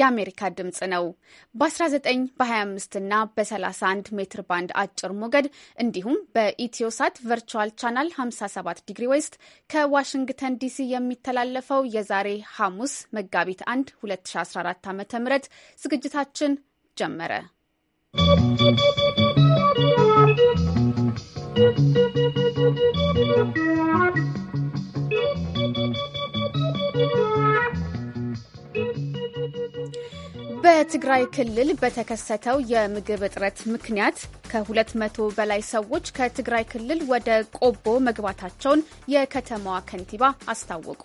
የአሜሪካ ድምፅ ነው። በ19 በ25 እና በ31 ሜትር ባንድ አጭር ሞገድ እንዲሁም በኢትዮሳት ቨርቹዋል ቻናል 57 ዲግሪ ዌስት ከዋሽንግተን ዲሲ የሚተላለፈው የዛሬ ሐሙስ መጋቢት 1 2014 ዓ.ም ዝግጅታችን ጀመረ። ¶¶ በትግራይ ክልል በተከሰተው የምግብ እጥረት ምክንያት ከ200 በላይ ሰዎች ከትግራይ ክልል ወደ ቆቦ መግባታቸውን የከተማዋ ከንቲባ አስታወቁ።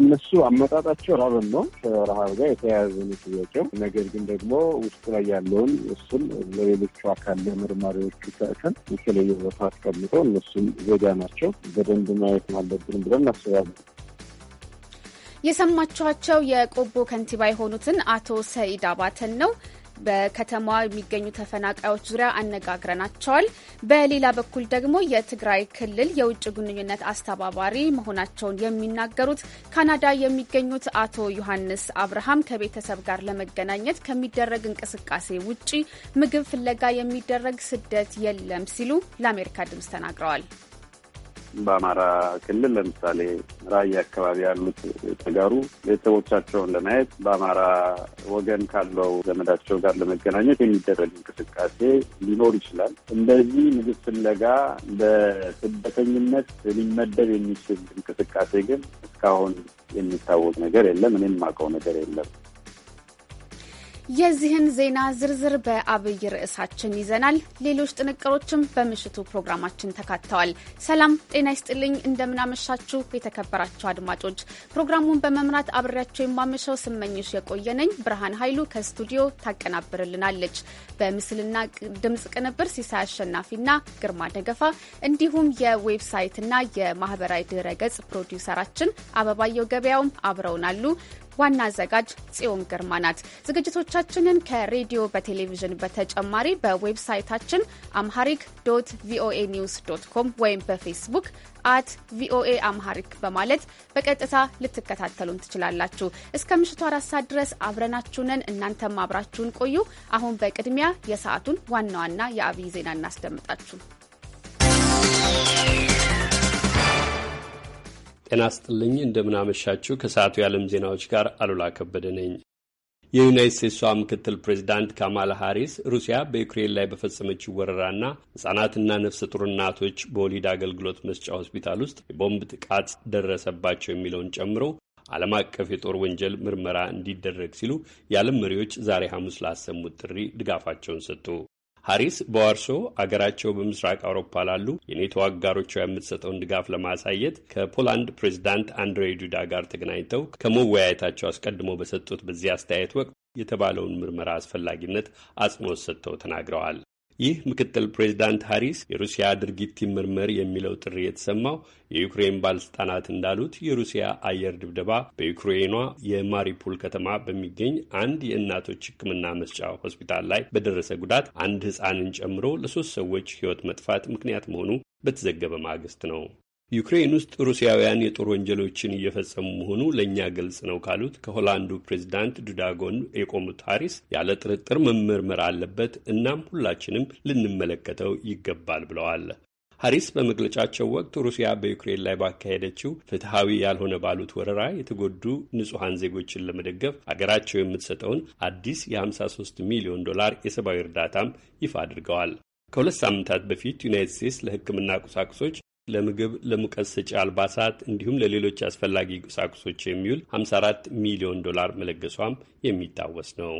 እነሱ አመጣጣቸው ረሃብን ነው። ከረሃብ ጋር የተያያዘ ነው ጥያቄው። ነገር ግን ደግሞ ውስጡ ላይ ያለውን እሱን ለሌሎቹ አካል ለመርማሪዎቹ ሰእተን የተለየ ቦታ አስቀምጠው እነሱም ዜጋ ናቸው በደንብ ማየት አለብን ብለን እናስባለን። የሰማችኋቸው የቆቦ ከንቲባ የሆኑትን አቶ ሰኢድ አባተን ነው። በከተማዋ የሚገኙ ተፈናቃዮች ዙሪያ አነጋግረናቸዋል። በሌላ በኩል ደግሞ የትግራይ ክልል የውጭ ግንኙነት አስተባባሪ መሆናቸውን የሚናገሩት ካናዳ የሚገኙት አቶ ዮሐንስ አብርሃም ከቤተሰብ ጋር ለመገናኘት ከሚደረግ እንቅስቃሴ ውጪ ምግብ ፍለጋ የሚደረግ ስደት የለም ሲሉ ለአሜሪካ ድምፅ ተናግረዋል። በአማራ ክልል ለምሳሌ ራያ አካባቢ ያሉት ተጋሩ ቤተሰቦቻቸውን ለማየት በአማራ ወገን ካለው ዘመዳቸው ጋር ለመገናኘት የሚደረግ እንቅስቃሴ ሊኖር ይችላል። እንደዚህ ምግብ ፍለጋ በስደተኝነት ሊመደብ የሚችል እንቅስቃሴ ግን እስካሁን የሚታወቅ ነገር የለም። እኔም የማውቀው ነገር የለም። የዚህን ዜና ዝርዝር በአብይ ርዕሳችን ይዘናል። ሌሎች ጥንቅሮችም በምሽቱ ፕሮግራማችን ተካተዋል። ሰላም ጤና ይስጥልኝ፣ እንደምናመሻችሁ የተከበራችሁ አድማጮች። ፕሮግራሙን በመምራት አብሬያቸው የማመሻው ስመኝሽ የቆየነኝ ብርሃን ኃይሉ ከስቱዲዮ ታቀናብርልናለች። በምስልና ድምፅ ቅንብር ሲሳይ አሸናፊና ግርማ ደገፋ እንዲሁም የዌብሳይትና የማህበራዊ ድረ ገጽ ፕሮዲውሰራችን አበባየው ገበያውም አብረውናሉ። ዋና አዘጋጅ ጽዮን ግርማ ናት። ዝግጅቶቻችንን ከሬዲዮ በቴሌቪዥን በተጨማሪ በዌብሳይታችን አምሃሪክ ዶት ቪኦኤ ኒውስ ዶት ኮም ወይም በፌስቡክ አት ቪኦኤ አምሃሪክ በማለት በቀጥታ ልትከታተሉን ትችላላችሁ። እስከ ምሽቱ አራት ሰዓት ድረስ አብረናችሁንን እናንተም አብራችሁን ቆዩ። አሁን በቅድሚያ የሰዓቱን ዋና ዋና የአብይ ዜና እናስደምጣችሁ። ጤና ስጥልኝ እንደምናመሻችሁ። ከሰዓቱ የዓለም ዜናዎች ጋር አሉላ ከበደ ነኝ። የዩናይት ስቴትሷ ምክትል ፕሬዚዳንት ካማላ ሃሪስ ሩሲያ በዩክሬን ላይ በፈጸመችው ወረራና ህጻናትና ነፍሰ ጡር እናቶች በወሊድ አገልግሎት መስጫ ሆስፒታል ውስጥ የቦምብ ጥቃት ደረሰባቸው የሚለውን ጨምሮ ዓለም አቀፍ የጦር ወንጀል ምርመራ እንዲደረግ ሲሉ የዓለም መሪዎች ዛሬ ሐሙስ ላሰሙት ጥሪ ድጋፋቸውን ሰጡ። ሀሪስ በዋርሶ አገራቸው በምስራቅ አውሮፓ ላሉ የኔቶ አጋሮቿ የምትሰጠውን ድጋፍ ለማሳየት ከፖላንድ ፕሬዚዳንት አንድሬ ዱዳ ጋር ተገናኝተው ከመወያየታቸው አስቀድሞ በሰጡት በዚህ አስተያየት ወቅት የተባለውን ምርመራ አስፈላጊነት አጽንኦት ሰጥተው ተናግረዋል። ይህ ምክትል ፕሬዚዳንት ሃሪስ የሩሲያ ድርጊት ይመርመር የሚለው ጥሪ የተሰማው የዩክሬን ባለስልጣናት እንዳሉት የሩሲያ አየር ድብደባ በዩክሬኗ የማሪፑል ከተማ በሚገኝ አንድ የእናቶች ሕክምና መስጫ ሆስፒታል ላይ በደረሰ ጉዳት አንድ ሕፃንን ጨምሮ ለሶስት ሰዎች ሕይወት መጥፋት ምክንያት መሆኑ በተዘገበ ማግስት ነው። ዩክሬን ውስጥ ሩሲያውያን የጦር ወንጀሎችን እየፈጸሙ መሆኑ ለእኛ ግልጽ ነው ካሉት ከሆላንዱ ፕሬዚዳንት ዱዳጎን የቆሙት ሀሪስ ያለ ጥርጥር መመርመር አለበት፣ እናም ሁላችንም ልንመለከተው ይገባል ብለዋል። ሀሪስ በመግለጫቸው ወቅት ሩሲያ በዩክሬን ላይ ባካሄደችው ፍትሐዊ ያልሆነ ባሉት ወረራ የተጎዱ ንጹሐን ዜጎችን ለመደገፍ አገራቸው የምትሰጠውን አዲስ የ53 ሚሊዮን ዶላር የሰብአዊ እርዳታም ይፋ አድርገዋል። ከሁለት ሳምንታት በፊት ዩናይትድ ስቴትስ ለሕክምና ቁሳቁሶች ለምግብ፣ ለሙቀት ሰጪ አልባሳት እንዲሁም ለሌሎች አስፈላጊ ቁሳቁሶች የሚውል 54 ሚሊዮን ዶላር መለገሷም የሚታወስ ነው።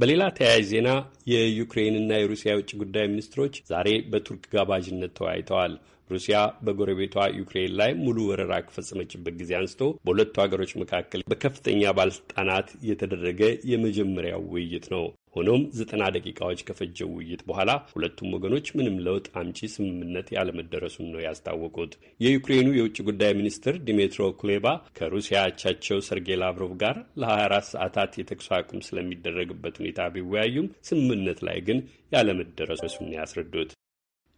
በሌላ ተያያዥ ዜና የዩክሬንና የሩሲያ የውጭ ጉዳይ ሚኒስትሮች ዛሬ በቱርክ ጋባዥነት ተወያይተዋል። ሩሲያ በጎረቤቷ ዩክሬን ላይ ሙሉ ወረራ ከፈጸመችበት ጊዜ አንስቶ በሁለቱ ሀገሮች መካከል በከፍተኛ ባለስልጣናት የተደረገ የመጀመሪያው ውይይት ነው። ሆኖም ዘጠና ደቂቃዎች ከፈጀው ውይይት በኋላ ሁለቱም ወገኖች ምንም ለውጥ አምጪ ስምምነት ያለመደረሱን ነው ያስታወቁት። የዩክሬኑ የውጭ ጉዳይ ሚኒስትር ዲሜትሮ ኩሌባ ከሩሲያ አቻቸው ሰርጌይ ላቭሮቭ ጋር ለ24 ሰዓታት የተኩስ አቁም ስለሚደረግበት ሁኔታ ቢወያዩም ስምምነት ላይ ግን ያለመደረሱ ያስረዱት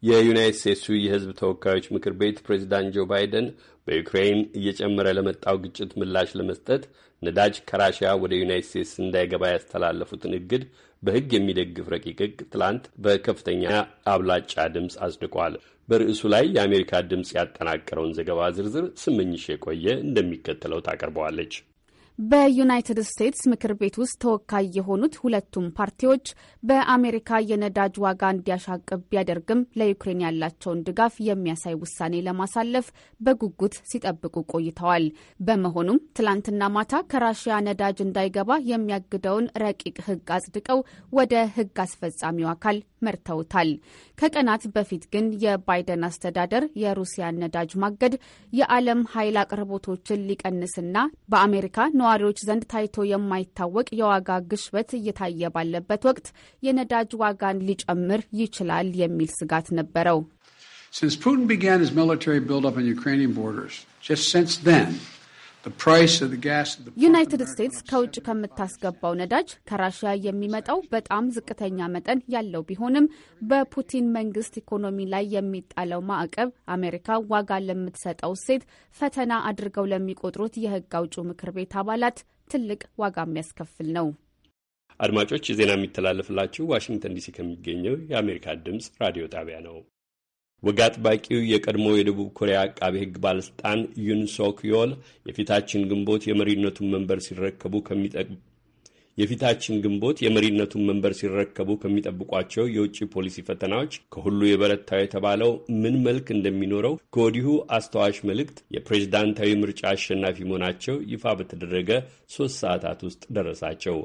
የዩናይት ስቴትሱ የሕዝብ ተወካዮች ምክር ቤት ፕሬዚዳንት ጆ ባይደን በዩክሬን እየጨመረ ለመጣው ግጭት ምላሽ ለመስጠት ነዳጅ ከራሽያ ወደ ዩናይት ስቴትስ እንዳይገባ ያስተላለፉትን እግድ በሕግ የሚደግፍ ረቂቅ ሕግ ትላንት በከፍተኛ አብላጫ ድምፅ አጽድቋል። በርዕሱ ላይ የአሜሪካ ድምፅ ያጠናቀረውን ዘገባ ዝርዝር ስምኝሽ የቆየ እንደሚከተለው ታቀርበዋለች። በዩናይትድ ስቴትስ ምክር ቤት ውስጥ ተወካይ የሆኑት ሁለቱም ፓርቲዎች በአሜሪካ የነዳጅ ዋጋ እንዲያሻቅብ ቢያደርግም ለዩክሬን ያላቸውን ድጋፍ የሚያሳይ ውሳኔ ለማሳለፍ በጉጉት ሲጠብቁ ቆይተዋል። በመሆኑም ትላንትና ማታ ከራሽያ ነዳጅ እንዳይገባ የሚያግደውን ረቂቅ ሕግ አጽድቀው ወደ ሕግ አስፈጻሚው አካል መርተውታል። ከቀናት በፊት ግን የባይደን አስተዳደር የሩሲያን ነዳጅ ማገድ የዓለም ኃይል አቅርቦቶችን ሊቀንስና በአሜሪካ ነዋሪዎች ዘንድ ታይቶ የማይታወቅ የዋጋ ግሽበት እየታየ ባለበት ወቅት የነዳጅ ዋጋን ሊጨምር ይችላል የሚል ስጋት ነበረው። Since Putin began his military buildup on Ukrainian borders, just since then, ዩናይትድ ስቴትስ ከውጭ ከምታስገባው ነዳጅ ከራሽያ የሚመጣው በጣም ዝቅተኛ መጠን ያለው ቢሆንም በፑቲን መንግስት ኢኮኖሚ ላይ የሚጣለው ማዕቀብ አሜሪካ ዋጋ ለምትሰጠው እሴት ፈተና አድርገው ለሚቆጥሩት የህግ አውጪው ምክር ቤት አባላት ትልቅ ዋጋ የሚያስከፍል ነው። አድማጮች፣ ዜና የሚተላለፍላችሁ ዋሽንግተን ዲሲ ከሚገኘው የአሜሪካ ድምፅ ራዲዮ ጣቢያ ነው። ወግ አጥባቂው የቀድሞ የደቡብ ኮሪያ አቃቢ ሕግ ባለሥልጣን ዩንሶክ ዮል የፊታችን ግንቦት የመሪነቱን መንበር ሲረከቡ የፊታችን ግንቦት የመሪነቱን መንበር ሲረከቡ ከሚጠብቋቸው የውጭ ፖሊሲ ፈተናዎች ከሁሉ የበረታው የተባለው ምን መልክ እንደሚኖረው ከወዲሁ አስተዋሽ መልእክት የፕሬዝዳንታዊ ምርጫ አሸናፊ መሆናቸው ይፋ በተደረገ ሶስት ሰዓታት ውስጥ ደረሳቸው።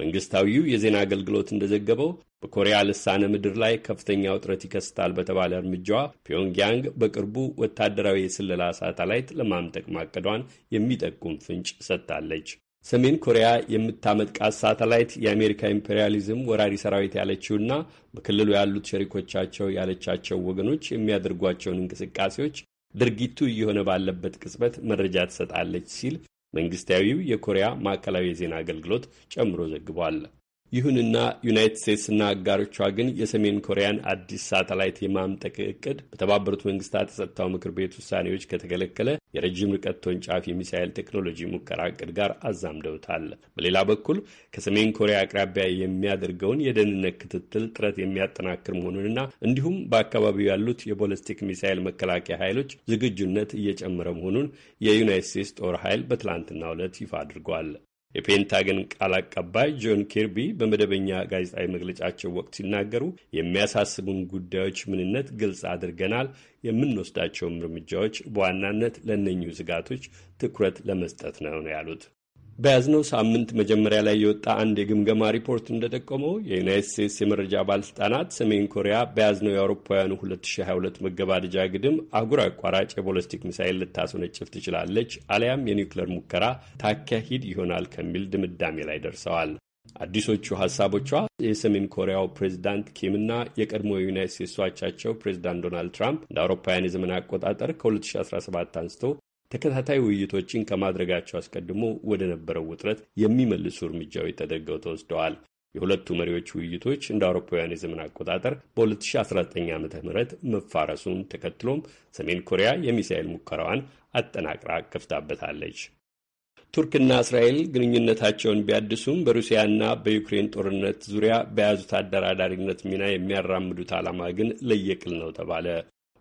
መንግስታዊው የዜና አገልግሎት እንደዘገበው በኮሪያ ልሳነ ምድር ላይ ከፍተኛ ውጥረት ይከስታል በተባለ እርምጃዋ ፒዮንግያንግ በቅርቡ ወታደራዊ የስለላ ሳተላይት ለማምጠቅ ማቀዷን የሚጠቁም ፍንጭ ሰጥታለች። ሰሜን ኮሪያ የምታመጥቃት ሳተላይት የአሜሪካ ኢምፔሪያሊዝም ወራሪ ሰራዊት ያለችውና በክልሉ ያሉት ሸሪኮቻቸው ያለቻቸው ወገኖች የሚያደርጓቸውን እንቅስቃሴዎች ድርጊቱ እየሆነ ባለበት ቅጽበት መረጃ ትሰጣለች ሲል መንግስታዊው የኮሪያ ማዕከላዊ የዜና አገልግሎት ጨምሮ ዘግቧል። ይሁንና ዩናይትድ ስቴትስና አጋሮቿ ግን የሰሜን ኮሪያን አዲስ ሳተላይት የማምጠቅ እቅድ በተባበሩት መንግስታት የጸጥታው ምክር ቤት ውሳኔዎች ከተከለከለ የረጅም ርቀት ተወንጫፊ ሚሳይል ቴክኖሎጂ ሙከራ እቅድ ጋር አዛምደውታል። በሌላ በኩል ከሰሜን ኮሪያ አቅራቢያ የሚያደርገውን የደህንነት ክትትል ጥረት የሚያጠናክር መሆኑንና እንዲሁም በአካባቢው ያሉት የቦለስቲክ ሚሳይል መከላከያ ኃይሎች ዝግጁነት እየጨመረ መሆኑን የዩናይትድ ስቴትስ ጦር ኃይል በትላንትናው ዕለት ይፋ አድርጓል። የፔንታገን ቃል አቀባይ ጆን ኪርቢ በመደበኛ ጋዜጣዊ መግለጫቸው ወቅት ሲናገሩ የሚያሳስቡን ጉዳዮች ምንነት ግልጽ አድርገናል፣ የምንወስዳቸውም እርምጃዎች በዋናነት ለእነኚሁ ስጋቶች ትኩረት ለመስጠት ነው ነው ያሉት። በያዝነው ሳምንት መጀመሪያ ላይ የወጣ አንድ የግምገማ ሪፖርት እንደጠቆመው የዩናይት ስቴትስ የመረጃ ባለስልጣናት ሰሜን ኮሪያ በያዝነው የአውሮፓውያኑ 2022 መገባደጃ ግድም አህጉር አቋራጭ የቦለስቲክ ሚሳይል ልታስወነጭፍ ትችላለች አሊያም የኒውክሌር ሙከራ ታካሂድ ይሆናል ከሚል ድምዳሜ ላይ ደርሰዋል። አዲሶቹ ሀሳቦቿ የሰሜን ኮሪያው ፕሬዚዳንት ኪም እና የቀድሞ የዩናይት ስቴትስ አቻቸው ፕሬዚዳንት ዶናልድ ትራምፕ እንደ አውሮፓውያን የዘመን አቆጣጠር ከ2017 አንስቶ ተከታታይ ውይይቶችን ከማድረጋቸው አስቀድሞ ወደ ነበረው ውጥረት የሚመልሱ እርምጃዎች ተደርገው ተወስደዋል። የሁለቱ መሪዎች ውይይቶች እንደ አውሮፓውያን የዘመን አቆጣጠር በ2019 ዓ ም መፋረሱን ተከትሎም ሰሜን ኮሪያ የሚሳኤል ሙከራዋን አጠናቅራ ከፍታበታለች። ቱርክና እስራኤል ግንኙነታቸውን ቢያድሱም በሩሲያና በዩክሬን ጦርነት ዙሪያ በያዙት አደራዳሪነት ሚና የሚያራምዱት ዓላማ ግን ለየቅል ነው ተባለ።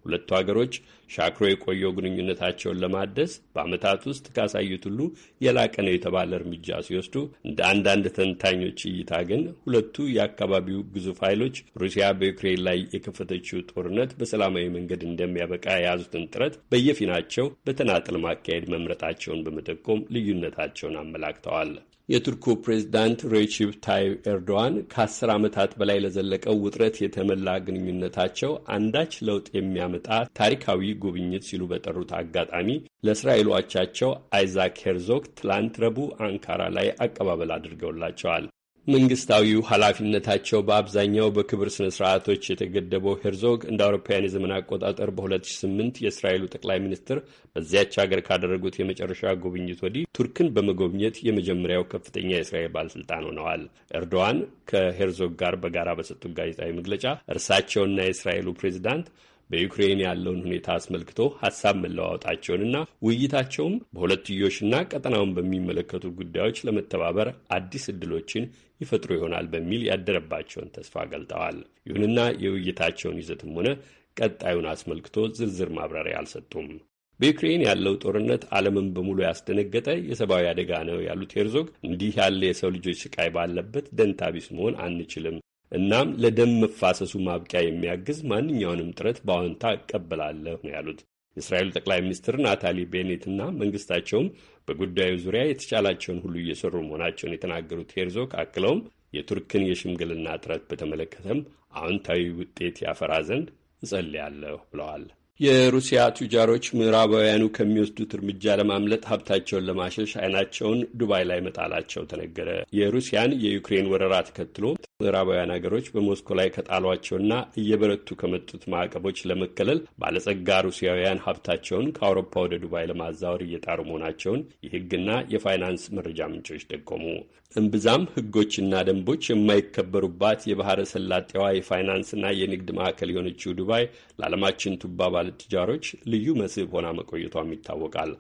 ሁለቱ ሀገሮች ሻክሮ የቆየው ግንኙነታቸውን ለማደስ በዓመታት ውስጥ ካሳዩት ሁሉ የላቀ ነው የተባለ እርምጃ ሲወስዱ፣ እንደ አንዳንድ ተንታኞች እይታ ግን ሁለቱ የአካባቢው ግዙፍ ኃይሎች ሩሲያ በዩክሬን ላይ የከፈተችው ጦርነት በሰላማዊ መንገድ እንደሚያበቃ የያዙትን ጥረት በየፊናቸው በተናጥል ማካሄድ መምረጣቸውን በመጠቆም ልዩነታቸውን አመላክተዋል። የቱርኩ ፕሬዚዳንት ሬቺፕ ታይብ ኤርዶዋን ከአስር ዓመታት በላይ ለዘለቀው ውጥረት የተመላ ግንኙነታቸው አንዳች ለውጥ የሚያመጣ ታሪካዊ ጉብኝት ሲሉ በጠሩት አጋጣሚ ለእስራኤሉ አቻቸው አይዛክ ሄርዞግ ትላንት ረቡዕ አንካራ ላይ አቀባበል አድርገውላቸዋል። መንግስታዊው ኃላፊነታቸው በአብዛኛው በክብር ስነ ስርዓቶች የተገደበው ሄርዞግ እንደ አውሮፓውያን የዘመን አቆጣጠር በ2008 የእስራኤሉ ጠቅላይ ሚኒስትር በዚያች ሀገር ካደረጉት የመጨረሻ ጉብኝት ወዲህ ቱርክን በመጎብኘት የመጀመሪያው ከፍተኛ የእስራኤል ባለስልጣን ሆነዋል። ኤርዶዋን ከሄርዞግ ጋር በጋራ በሰጡት ጋዜጣዊ መግለጫ እርሳቸውና የእስራኤሉ ፕሬዚዳንት በዩክሬን ያለውን ሁኔታ አስመልክቶ ሀሳብ መለዋወጣቸውንና ውይይታቸውም በሁለትዮሽና ቀጠናውን በሚመለከቱ ጉዳዮች ለመተባበር አዲስ እድሎችን ይፈጥሩ ይሆናል በሚል ያደረባቸውን ተስፋ ገልጠዋል። ይሁንና የውይይታቸውን ይዘትም ሆነ ቀጣዩን አስመልክቶ ዝርዝር ማብራሪያ አልሰጡም። በዩክሬን ያለው ጦርነት ዓለምን በሙሉ ያስደነገጠ የሰብአዊ አደጋ ነው ያሉት ሄርዞግ እንዲህ ያለ የሰው ልጆች ስቃይ ባለበት ደንታቢስ መሆን አንችልም። እናም ለደም መፋሰሱ ማብቂያ የሚያግዝ ማንኛውንም ጥረት በአዎንታ እቀበላለሁ ነው ያሉት። የእስራኤሉ ጠቅላይ ሚኒስትር ናታሊ ቤኔትና መንግስታቸውም በጉዳዩ ዙሪያ የተቻላቸውን ሁሉ እየሰሩ መሆናቸውን የተናገሩት ሄርዞግ አክለውም የቱርክን የሽምግልና ጥረት በተመለከተም አዎንታዊ ውጤት ያፈራ ዘንድ እጸልያለሁ ብለዋል። የሩሲያ ቱጃሮች ምዕራባውያኑ ከሚወስዱት እርምጃ ለማምለጥ ሀብታቸውን ለማሸሽ አይናቸውን ዱባይ ላይ መጣላቸው ተነገረ። የሩሲያን የዩክሬን ወረራ ተከትሎ ምዕራባውያን ሀገሮች በሞስኮ ላይ ከጣሏቸውና እየበረቱ ከመጡት ማዕቀቦች ለመከለል ባለጸጋ ሩሲያውያን ሀብታቸውን ከአውሮፓ ወደ ዱባይ ለማዛወር እየጣሩ መሆናቸውን የሕግና የፋይናንስ መረጃ ምንጮች ጠቆሙ። እምብዛም ህጎችና ደንቦች የማይከበሩባት የባህረ ሰላጤዋ የፋይናንስና የንግድ ማዕከል የሆነችው ዱባይ ለዓለማችን ቱባ ባለትጃሮች ልዩ መስህብ ሆና መቆየቷም ይታወቃል።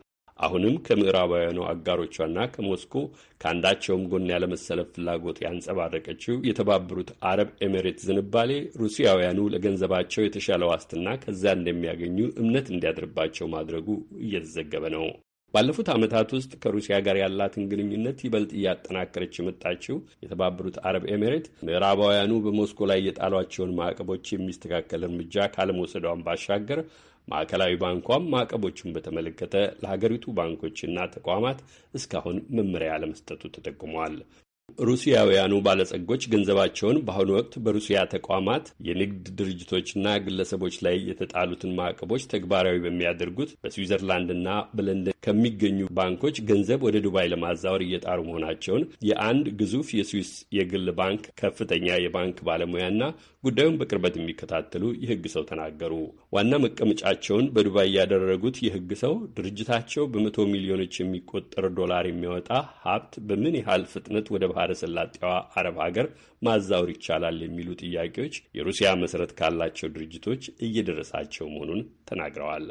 አሁንም ከምዕራባውያኑ አጋሮቿና ከሞስኮ ከአንዳቸውም ጎን ያለመሰለፍ ፍላጎት ያንጸባረቀችው የተባበሩት አረብ ኤሜሬት ዝንባሌ ሩሲያውያኑ ለገንዘባቸው የተሻለ ዋስትና ከዚያ እንደሚያገኙ እምነት እንዲያድርባቸው ማድረጉ እየተዘገበ ነው። ባለፉት ዓመታት ውስጥ ከሩሲያ ጋር ያላትን ግንኙነት ይበልጥ እያጠናከረች የመጣችው የተባበሩት አረብ ኤሚሬት ምዕራባውያኑ በሞስኮ ላይ የጣሏቸውን ማዕቀቦች የሚስተካከል እርምጃ ካለመውሰዷን ባሻገር ማዕከላዊ ባንኳም ማዕቀቦቹን በተመለከተ ለሀገሪቱ ባንኮችና ተቋማት እስካሁን መመሪያ ለመስጠቱ ተጠቁሟል። ሩሲያውያኑ ባለጸጎች ገንዘባቸውን በአሁኑ ወቅት በሩሲያ ተቋማት፣ የንግድ ድርጅቶችና ግለሰቦች ላይ የተጣሉትን ማዕቀቦች ተግባራዊ በሚያደርጉት በስዊዘርላንድና በለንደን ከሚገኙ ባንኮች ገንዘብ ወደ ዱባይ ለማዛወር እየጣሩ መሆናቸውን የአንድ ግዙፍ የስዊስ የግል ባንክ ከፍተኛ የባንክ ባለሙያና ጉዳዩን በቅርበት የሚከታተሉ የህግ ሰው ተናገሩ። ዋና መቀመጫቸውን በዱባይ ያደረጉት የህግ ሰው ድርጅታቸው በመቶ ሚሊዮኖች የሚቆጠር ዶላር የሚያወጣ ሀብት በምን ያህል ፍጥነት ወደ ባህረ ሰላጤዋ አረብ ሀገር ማዛወር ይቻላል የሚሉ ጥያቄዎች የሩሲያ መሰረት ካላቸው ድርጅቶች እየደረሳቸው መሆኑን ተናግረዋል።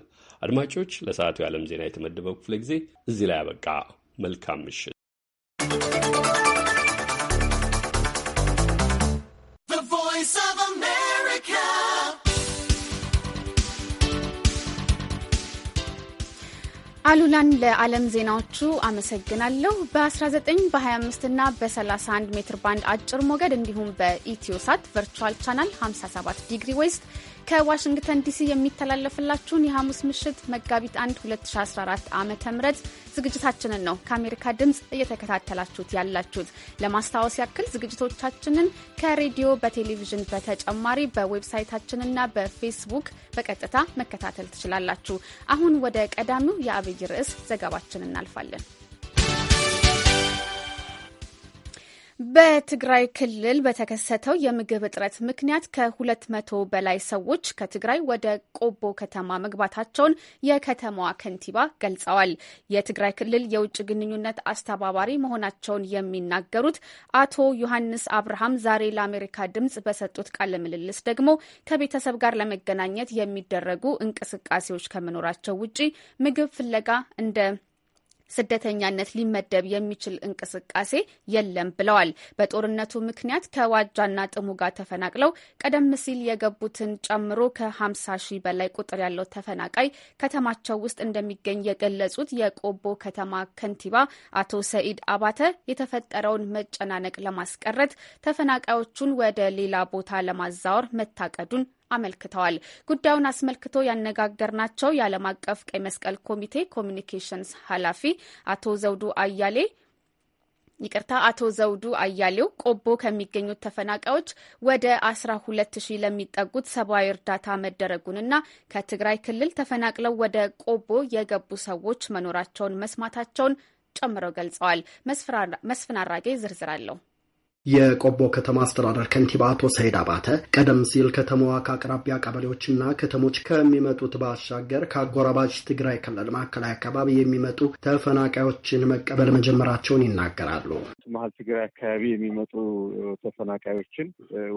አድማጮች፣ ለሰዓቱ የዓለም ዜና የተመደበው ክፍለ ጊዜ እዚህ ላይ አበቃ። መልካም ምሽት። አሉላን ለዓለም ዜናዎቹ አመሰግናለሁ። በ19 በ25 እና በ31 ሜትር ባንድ አጭር ሞገድ እንዲሁም በኢትዮሳት ቨርቹዋል ቻናል 57 ዲግሪ ዌስት ከዋሽንግተን ዲሲ የሚተላለፍላችሁን የሐሙስ ምሽት መጋቢት 1 2014 ዓ ም ዝግጅታችንን ነው ከአሜሪካ ድምፅ እየተከታተላችሁት ያላችሁት። ለማስታወስ ያክል ዝግጅቶቻችንን ከሬዲዮ በቴሌቪዥን በተጨማሪ በዌብሳይታችንና በፌስቡክ በቀጥታ መከታተል ትችላላችሁ። አሁን ወደ ቀዳሚው የአብይ ርዕስ ዘገባችን እናልፋለን። በትግራይ ክልል በተከሰተው የምግብ እጥረት ምክንያት ከ200 በላይ ሰዎች ከትግራይ ወደ ቆቦ ከተማ መግባታቸውን የከተማዋ ከንቲባ ገልጸዋል። የትግራይ ክልል የውጭ ግንኙነት አስተባባሪ መሆናቸውን የሚናገሩት አቶ ዮሐንስ አብርሃም ዛሬ ለአሜሪካ ድምጽ በሰጡት ቃለ ምልልስ ደግሞ ከቤተሰብ ጋር ለመገናኘት የሚደረጉ እንቅስቃሴዎች ከመኖራቸው ውጪ ምግብ ፍለጋ እንደ ስደተኛነት ሊመደብ የሚችል እንቅስቃሴ የለም ብለዋል። በጦርነቱ ምክንያት ከዋጃና ጥሙጋ ተፈናቅለው ቀደም ሲል የገቡትን ጨምሮ ከ50 ሺህ በላይ ቁጥር ያለው ተፈናቃይ ከተማቸው ውስጥ እንደሚገኝ የገለጹት የቆቦ ከተማ ከንቲባ አቶ ሰኢድ አባተ የተፈጠረውን መጨናነቅ ለማስቀረት ተፈናቃዮቹን ወደ ሌላ ቦታ ለማዛወር መታቀዱን አመልክተዋል። ጉዳዩን አስመልክቶ ያነጋገርናቸው የዓለም አቀፍ ቀይ መስቀል ኮሚቴ ኮሚኒኬሽንስ ኃላፊ አቶ ዘውዱ አያሌ ይቅርታ አቶ ዘውዱ አያሌው ቆቦ ከሚገኙት ተፈናቃዮች ወደ አስራ ሁለት ሺህ ለሚጠጉት ሰብአዊ እርዳታ መደረጉንና ከትግራይ ክልል ተፈናቅለው ወደ ቆቦ የገቡ ሰዎች መኖራቸውን መስማታቸውን ጨምረው ገልጸዋል። መስፍን አራጌ ዝርዝር አለው። የቆቦ ከተማ አስተዳደር ከንቲባ አቶ ሰይድ አባተ ቀደም ሲል ከተማዋ ከአቅራቢያ ቀበሌዎችና ከተሞች ከሚመጡት ባሻገር ከአጎራባች ትግራይ ክልል ማዕከላዊ አካባቢ የሚመጡ ተፈናቃዮችን መቀበል መጀመራቸውን ይናገራሉ። መሀል ትግራይ አካባቢ የሚመጡ ተፈናቃዮችን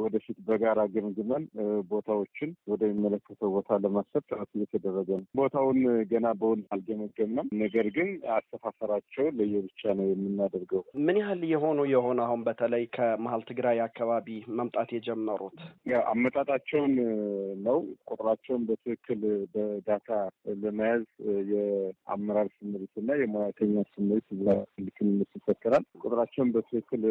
ወደፊት በጋራ ግምግመን ቦታዎችን ወደሚመለከተው ቦታ ለማሰብ ጥረት እየተደረገ ነው። ቦታውን ገና በውል አልገመገምንም። ነገር ግን አሰፋፈራቸው ለየብቻ ነው የምናደርገው። ምን ያህል የሆኑ የሆነ አሁን በተለይ ከመሀል ትግራይ አካባቢ መምጣት የጀመሩት? አመጣጣቸውን ነው ቁጥራቸውን በትክክል በዳታ ለመያዝ የአመራር ስምሪት እና የሙያተኛ ስምሪት ልክልነት ይፈከራል። ቁጥራቸውን በትክክል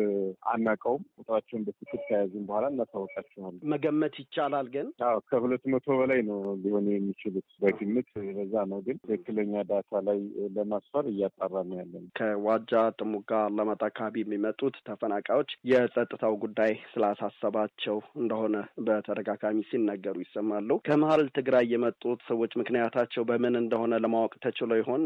አናውቀውም። ቁጥራቸውን በትክክል ከያዝን በኋላ እናታወቃቸዋለን። መገመት ይቻላል ግን ከሁለት መቶ በላይ ነው ሊሆን የሚችሉት በግምት በዛ ነው። ግን ትክክለኛ ዳታ ላይ ለማስፈር እያጣራ ነው ያለን። ከዋጃ ጥሙጋ ለመጣ አካባቢ የሚመጡት ተፈናቃዮች የጸጥታው ጉዳይ ስላሳሰባቸው እንደሆነ በተደጋጋሚ ሲነገሩ ይሰማሉ። ከመሀል ትግራይ የመጡት ሰዎች ምክንያታቸው በምን እንደሆነ ለማወቅ ተችሎ ይሆን?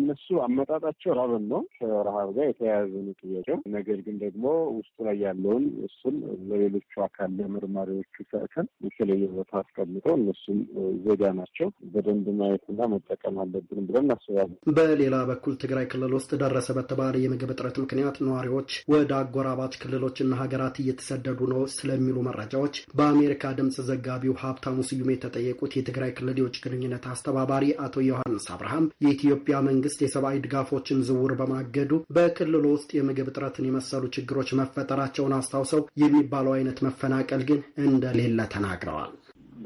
እነሱ አመጣጣቸው ረሃብን ነው። ከረሃብ ጋር የተያያዘ ነው ጥያቄው። ነገር ግን ደግሞ ውስጡ ላይ ያለውን እሱን ለሌሎቹ አካል ለመርማሪዎቹ ሰጥተን የተለየ ቦታ አስቀምጠው እነሱም ዜጋ ናቸው በደንብ ማየትና መጠቀም አለብን ብለን እናስባለን። በሌላ በኩል ትግራይ ክልል ውስጥ ደረሰ በተባለ የምግብ እጥረት ምክንያት ነዋሪዎች ወደ አጎራባ ከሌሎች ክልሎችና ሀገራት እየተሰደዱ ነው ስለሚሉ መረጃዎች በአሜሪካ ድምፅ ዘጋቢው ሀብታሙ ስዩም የተጠየቁት የትግራይ ክልል የውጭ ግንኙነት አስተባባሪ አቶ ዮሐንስ አብርሃም የኢትዮጵያ መንግስት የሰብአዊ ድጋፎችን ዝውውር በማገዱ በክልሉ ውስጥ የምግብ እጥረትን የመሰሉ ችግሮች መፈጠራቸውን አስታውሰው የሚባለው አይነት መፈናቀል ግን እንደሌለ ተናግረዋል።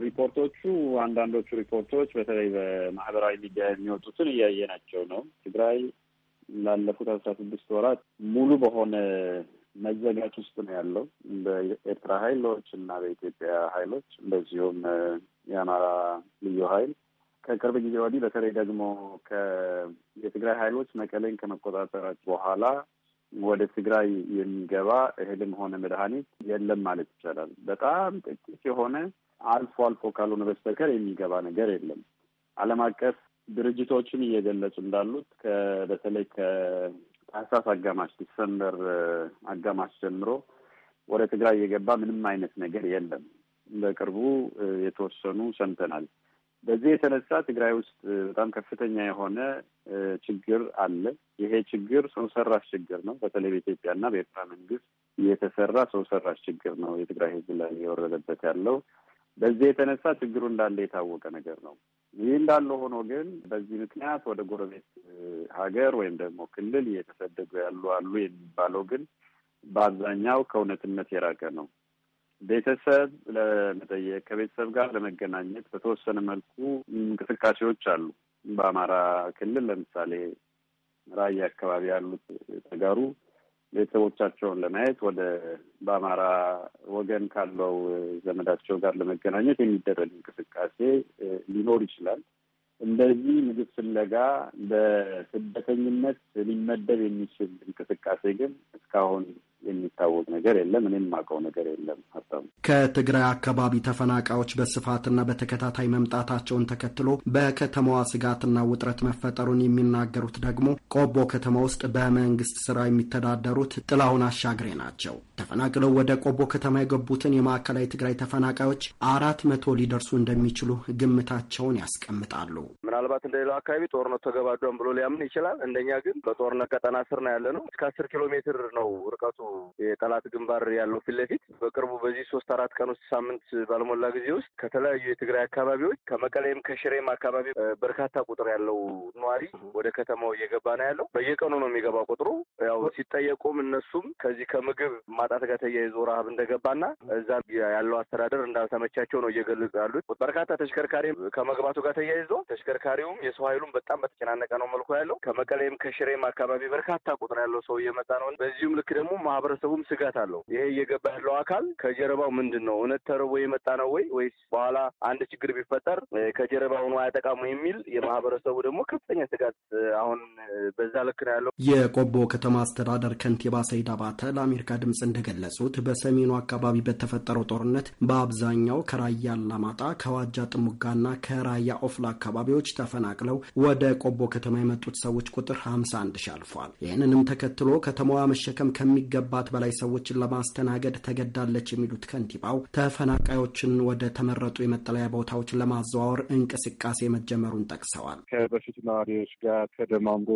ሪፖርቶቹ አንዳንዶቹ ሪፖርቶች በተለይ በማህበራዊ ሚዲያ የሚወጡትን እያየናቸው ነው። ትግራይ ላለፉት አስራ ስድስት ወራት ሙሉ በሆነ መዘጋት ውስጥ ነው ያለው። በኤርትራ ኃይሎች እና በኢትዮጵያ ኃይሎች እንደዚሁም የአማራ ልዩ ኃይል ከቅርብ ጊዜ ወዲህ በተለይ ደግሞ የትግራይ ኃይሎች መቀሌን ከመቆጣጠራቸው በኋላ ወደ ትግራይ የሚገባ እህልም ሆነ መድኃኒት የለም ማለት ይቻላል። በጣም ጥቂት የሆነ አልፎ አልፎ ካልሆነ በስተቀር የሚገባ ነገር የለም። ዓለም አቀፍ ድርጅቶችም እየገለጹ እንዳሉት በተለይ ታህሳስ አጋማሽ ዲሰምበር አጋማሽ ጀምሮ ወደ ትግራይ የገባ ምንም አይነት ነገር የለም። በቅርቡ የተወሰኑ ሰምተናል። በዚህ የተነሳ ትግራይ ውስጥ በጣም ከፍተኛ የሆነ ችግር አለ። ይሄ ችግር ሰው ሰራሽ ችግር ነው። በተለይ በኢትዮጵያና በኤርትራ መንግስት የተሰራ ሰው ሰራሽ ችግር ነው የትግራይ ህዝብ ላይ የወረደበት ያለው በዚህ የተነሳ ችግሩ እንዳለ የታወቀ ነገር ነው። ይህ እንዳለ ሆኖ ግን በዚህ ምክንያት ወደ ጎረቤት ሀገር ወይም ደግሞ ክልል እየተሰደዱ ያሉ አሉ የሚባለው ግን በአብዛኛው ከእውነትነት የራቀ ነው። ቤተሰብ ለመጠየቅ ከቤተሰብ ጋር ለመገናኘት በተወሰነ መልኩ እንቅስቃሴዎች አሉ። በአማራ ክልል ለምሳሌ ራያ አካባቢ ያሉት ተጋሩ ቤተሰቦቻቸውን ለማየት ወደ በአማራ ወገን ካለው ዘመዳቸው ጋር ለመገናኘት የሚደረግ እንቅስቃሴ ሊኖር ይችላል። እንደዚህ ምግብ ፍለጋ በስደተኝነት ሊመደብ የሚችል እንቅስቃሴ ግን እስካሁን የሚታወቅ ነገር የለም። እኔም የማውቀው ነገር የለም። ሀሳቡ ከትግራይ አካባቢ ተፈናቃዮች በስፋትና በተከታታይ መምጣታቸውን ተከትሎ በከተማዋ ስጋትና ውጥረት መፈጠሩን የሚናገሩት ደግሞ ቆቦ ከተማ ውስጥ በመንግስት ስራ የሚተዳደሩት ጥላሁን አሻግሬ ናቸው። ተፈናቅለው ወደ ቆቦ ከተማ የገቡትን የማዕከላዊ ትግራይ ተፈናቃዮች አራት መቶ ሊደርሱ እንደሚችሉ ግምታቸውን ያስቀምጣሉ። ምናልባት እንደሌላው አካባቢ ጦርነት ተገባዷን ብሎ ሊያምን ይችላል። እንደኛ ግን በጦርነት ቀጠና ስር ነው ያለ ነው። እስከ አስር ኪሎ ሜትር ነው ርቀቱ የጠላት ግንባር ያለው ፊት ለፊት በቅርቡ በዚህ ሶስት አራት ቀን ውስጥ ሳምንት ባልሞላ ጊዜ ውስጥ ከተለያዩ የትግራይ አካባቢዎች ከመቀሌም ከሽሬም አካባቢ በርካታ ቁጥር ያለው ነዋሪ ወደ ከተማው እየገባ ነው ያለው። በየቀኑ ነው የሚገባ ቁጥሩ። ያው ሲጠየቁም እነሱም ከዚህ ከምግብ ማጣት ጋር ተያይዞ ረሀብ እንደገባና እዛ ያለው አስተዳደር እንዳልተመቻቸው ነው እየገለጹ ያሉት። በርካታ ተሽከርካሪ ከመግባቱ ጋር ተያይዞ ተሽከርካሪውም የሰው ኃይሉም በጣም በተጨናነቀ ነው መልኩ ያለው። ከመቀሌም ከሽሬም አካባቢ በርካታ ቁጥር ያለው ሰው እየመጣ ነው። በዚሁም ልክ ደግሞ ማህበረሰቡም ስጋት አለው። ይሄ እየገባ ያለው አካል ከጀርባው ምንድን ነው? እውነት ተርቦ የመጣ ነው ወይ ወይስ በኋላ አንድ ችግር ቢፈጠር ከጀርባው ነው አያጠቃሙ የሚል የማህበረሰቡ ደግሞ ከፍተኛ ስጋት አሁን በዛ ልክ ነው ያለው። የቆቦ ከተማ አስተዳደር ከንቲባ ሰይድ አባተ ለአሜሪካ ድምፅ እንደገለጹት በሰሜኑ አካባቢ በተፈጠረው ጦርነት በአብዛኛው ከራያ አላማጣ፣ ከዋጃ ጥሙጋና ከራያ ኦፍላ አካባቢዎች ተፈናቅለው ወደ ቆቦ ከተማ የመጡት ሰዎች ቁጥር 51 ሺ አልፏል። ይህንንም ተከትሎ ከተማዋ መሸከም ከሚገባ ከገባት በላይ ሰዎችን ለማስተናገድ ተገዳለች የሚሉት ከንቲባው ተፈናቃዮችን ወደ ተመረጡ የመጠለያ ቦታዎች ለማዘዋወር እንቅስቃሴ መጀመሩን ጠቅሰዋል። ከበፊት ነዋሪዎች ጋር ከደማምሮ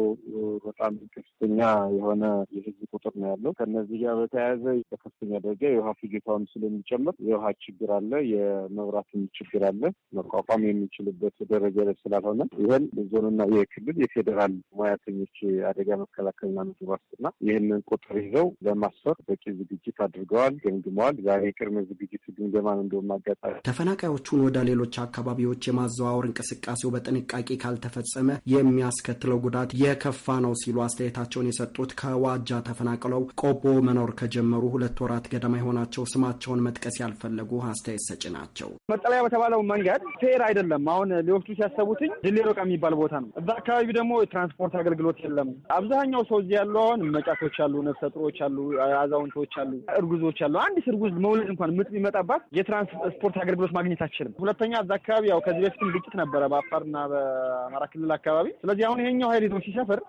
በጣም ከፍተኛ የሆነ የህዝብ ቁጥር ነው ያለው። ከነዚህ ጋር በተያያዘ በከፍተኛ ደረጃ የውሃ ፍጆታውን ስለሚጨምር የውሃ ችግር አለ፣ የመብራት ችግር አለ። መቋቋም የሚችልበት ደረጃ ላይ ስላልሆነ ይህን ዞንና የክልል የፌዴራል ሙያተኞች አደጋ መከላከልና ምግብ ዋስትና ይህንን ቁጥር ይዘው ለማስፈር በቂ ዝግጅት አድርገዋል፣ ገምግመዋል። ዛሬ ቅድመ ዝግጅት ግምገማ ነው። እንደውም አጋጣሚ ተፈናቃዮቹን ወደ ሌሎች አካባቢዎች የማዘዋወር እንቅስቃሴው በጥንቃቄ ካልተፈጸመ የሚያስከትለው ጉዳት የከፋ ነው ሲሉ አስተያየታቸውን የሰጡት ከዋጃ ተፈናቅለው ቆቦ መኖር ከጀመሩ ሁለት ወራት ገደማ የሆናቸው ስማቸውን መጥቀስ ያልፈለጉ አስተያየት ሰጭ ናቸው። መጠለያ በተባለው መንገድ ፌር አይደለም። አሁን ሊወስዱ ሲያሰቡትኝ ድሌ ሮቃ የሚባል ቦታ ነው። እዛ አካባቢ ደግሞ የትራንስፖርት አገልግሎት የለም። አብዛኛው ሰው እዚህ ያለው አሁን መጫቶች አሉ፣ ነፍሰ ጡሮች አሉ አዛውንቶች አሉ፣ እርጉዞች አሉ። አንዲት እርጉዝ መውለድ እንኳን ምጥ ቢመጣባት የትራንስፖርት አገልግሎት ማግኘት አትችልም። ሁለተኛ እዛ አካባቢ ያው ከዚህ በፊትም ግጭት ነበረ በአፋርና በአማራ ክልል አካባቢ። ስለዚህ አሁን ይሄኛው ሀይል ይዞ ሲሰፍር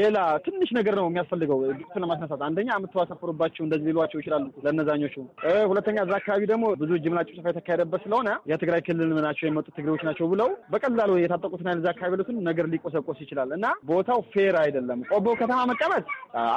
ሌላ ትንሽ ነገር ነው የሚያስፈልገው ግጭቱን ለማስነሳት። አንደኛ የምትዋሰፍሩባቸው እንደዚህ ሊሏቸው ይችላሉ ለነዛኞቹ። ሁለተኛ እዛ አካባቢ ደግሞ ብዙ ጅምላ ጭፍጨፋ የተካሄደበት ስለሆነ የትግራይ ክልል ናቸው የመጡት ትግሬዎች ናቸው ብለው በቀላሉ የታጠቁትን ሀይል እዛ አካባቢ ያሉትን ነገር ሊቆሰቆስ ይችላል እና ቦታው ፌር አይደለም። ቆቦ ከተማ መቀመጥ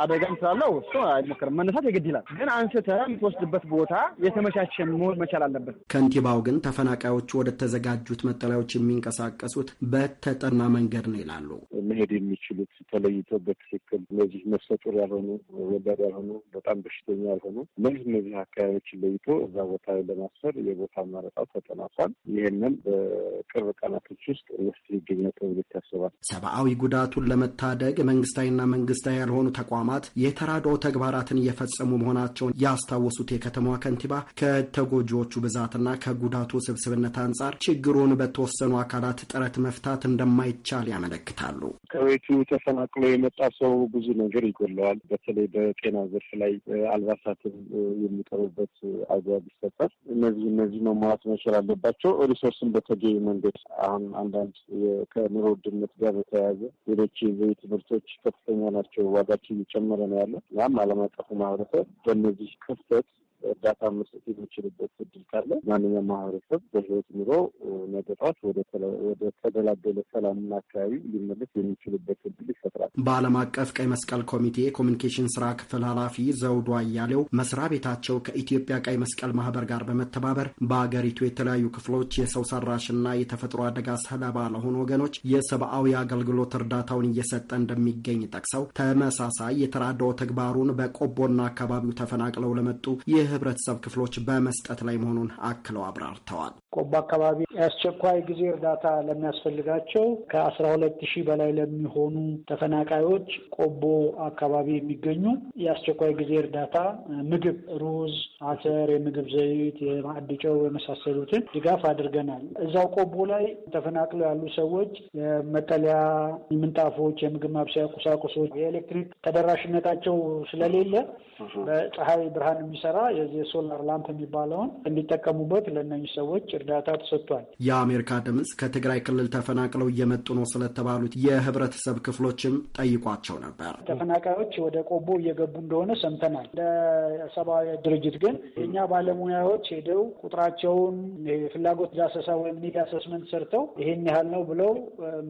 አደጋም ስላለው እሱ አይሞከርም። መነሳት የግድ ይላል። ግን አንስተ የምትወስድበት ቦታ የተመቻቸ መሆን መቻል አለበት። ከንቲባው ግን ተፈናቃዮቹ ወደ ተዘጋጁት መጠለያዎች የሚንቀሳቀሱት በተጠና መንገድ ነው ይላሉ። መሄድ የሚችሉት ተለይቶ በትክክል እነዚህ ነፍሰ ያልሆኑ ወላድ ያልሆኑ በጣም በሽተኛ ያልሆኑ እነዚህ እነዚህ አካባቢዎች ለይቶ እዛ ቦታ ለማስፈር የቦታ ማረጣው ተጠናፏል። ይህንን በቅርብ ቀናቶች ውስጥ ውስጥ ይገኛል ተብሎ ይታሰባል። ሰብአዊ ጉዳቱን ለመታደግ መንግስታዊና መንግስታዊ ያልሆኑ ተቋማት የተራድኦ ተግባራትን እየፈጸሙ መሆናቸውን ያስታወሱት የከተማዋ ከንቲባ ከተጎጂዎቹ ብዛትና ከጉዳቱ ስብስብነት አንጻር ችግሩን በተወሰኑ አካላት ጥረት መፍታት እንደማይቻል ያመለክታሉ። ከቤቱ ተፈናቅሎ የመጣ ሰው ብዙ ነገር ይጎለዋል። በተለይ በጤና ዘርፍ ላይ አልባሳትን የሚቀሩበት አግባብ ይሰጣል። እነዚህ እነዚህ መሟላት መቻል አለባቸው። ሪሶርስን በተገቢ መንገድ አሁን አንዳንድ ከኑሮ ውድነት ጋር በተያያዘ ሌሎች የዘይት ምርቶች ከፍተኛ ናቸው፣ ዋጋቸው እየጨመረ ነው ያለ ያም ዓለም አቀፍ ማህበረሰብ በእነዚህ ክፍተት እርዳታ መስጠት የሚችልበት እድል ካለ ማንኛውም ማህበረሰብ በህይወት ኑሮ ነገጧት ወደ ተደላደለ ሰላምና አካባቢ ሊመለስ የሚችልበት እድል ይፈጥራል። በዓለም አቀፍ ቀይ መስቀል ኮሚቴ ኮሚኒኬሽን ስራ ክፍል ኃላፊ ዘውዱ አያሌው መስሪያ ቤታቸው ከኢትዮጵያ ቀይ መስቀል ማህበር ጋር በመተባበር በአገሪቱ የተለያዩ ክፍሎች የሰው ሰራሽና የተፈጥሮ አደጋ ሰለባ ለሆኑ ወገኖች የሰብአዊ አገልግሎት እርዳታውን እየሰጠ እንደሚገኝ ጠቅሰው ተመሳሳይ የተራድኦ ተግባሩን በቆቦና አካባቢው ተፈናቅለው ለመጡ ይህ የህብረተሰብ ክፍሎች በመስጠት ላይ መሆኑን አክለው አብራርተዋል። ቆቦ አካባቢ የአስቸኳይ ጊዜ እርዳታ ለሚያስፈልጋቸው ከአስራ ሁለት ሺህ በላይ ለሚሆኑ ተፈናቃዮች ቆቦ አካባቢ የሚገኙ የአስቸኳይ ጊዜ እርዳታ ምግብ፣ ሩዝ፣ አተር፣ የምግብ ዘይት፣ የማዕድ ጨው የመሳሰሉትን ድጋፍ አድርገናል። እዛው ቆቦ ላይ ተፈናቅለው ያሉ ሰዎች የመጠለያ ምንጣፎች፣ የምግብ ማብሰያ ቁሳቁሶች፣ የኤሌክትሪክ ተደራሽነታቸው ስለሌለ በፀሐይ ብርሃን የሚሰራ የዚህ ሶላር ላምፕ የሚባለውን እንዲጠቀሙበት ለነኝ ሰዎች እርዳታ ተሰጥቷል። የአሜሪካ ድምፅ ከትግራይ ክልል ተፈናቅለው እየመጡ ነው ስለተባሉት የህብረተሰብ ክፍሎችም ጠይቋቸው ነበር። ተፈናቃዮች ወደ ቆቦ እየገቡ እንደሆነ ሰምተናል። እንደ ሰብአዊ ድርጅት ግን የእኛ ባለሙያዎች ሄደው ቁጥራቸውን ፍላጎት ዳሰሳ ወይም ኒድ አሰስመንት ሰርተው ይሄን ያህል ነው ብለው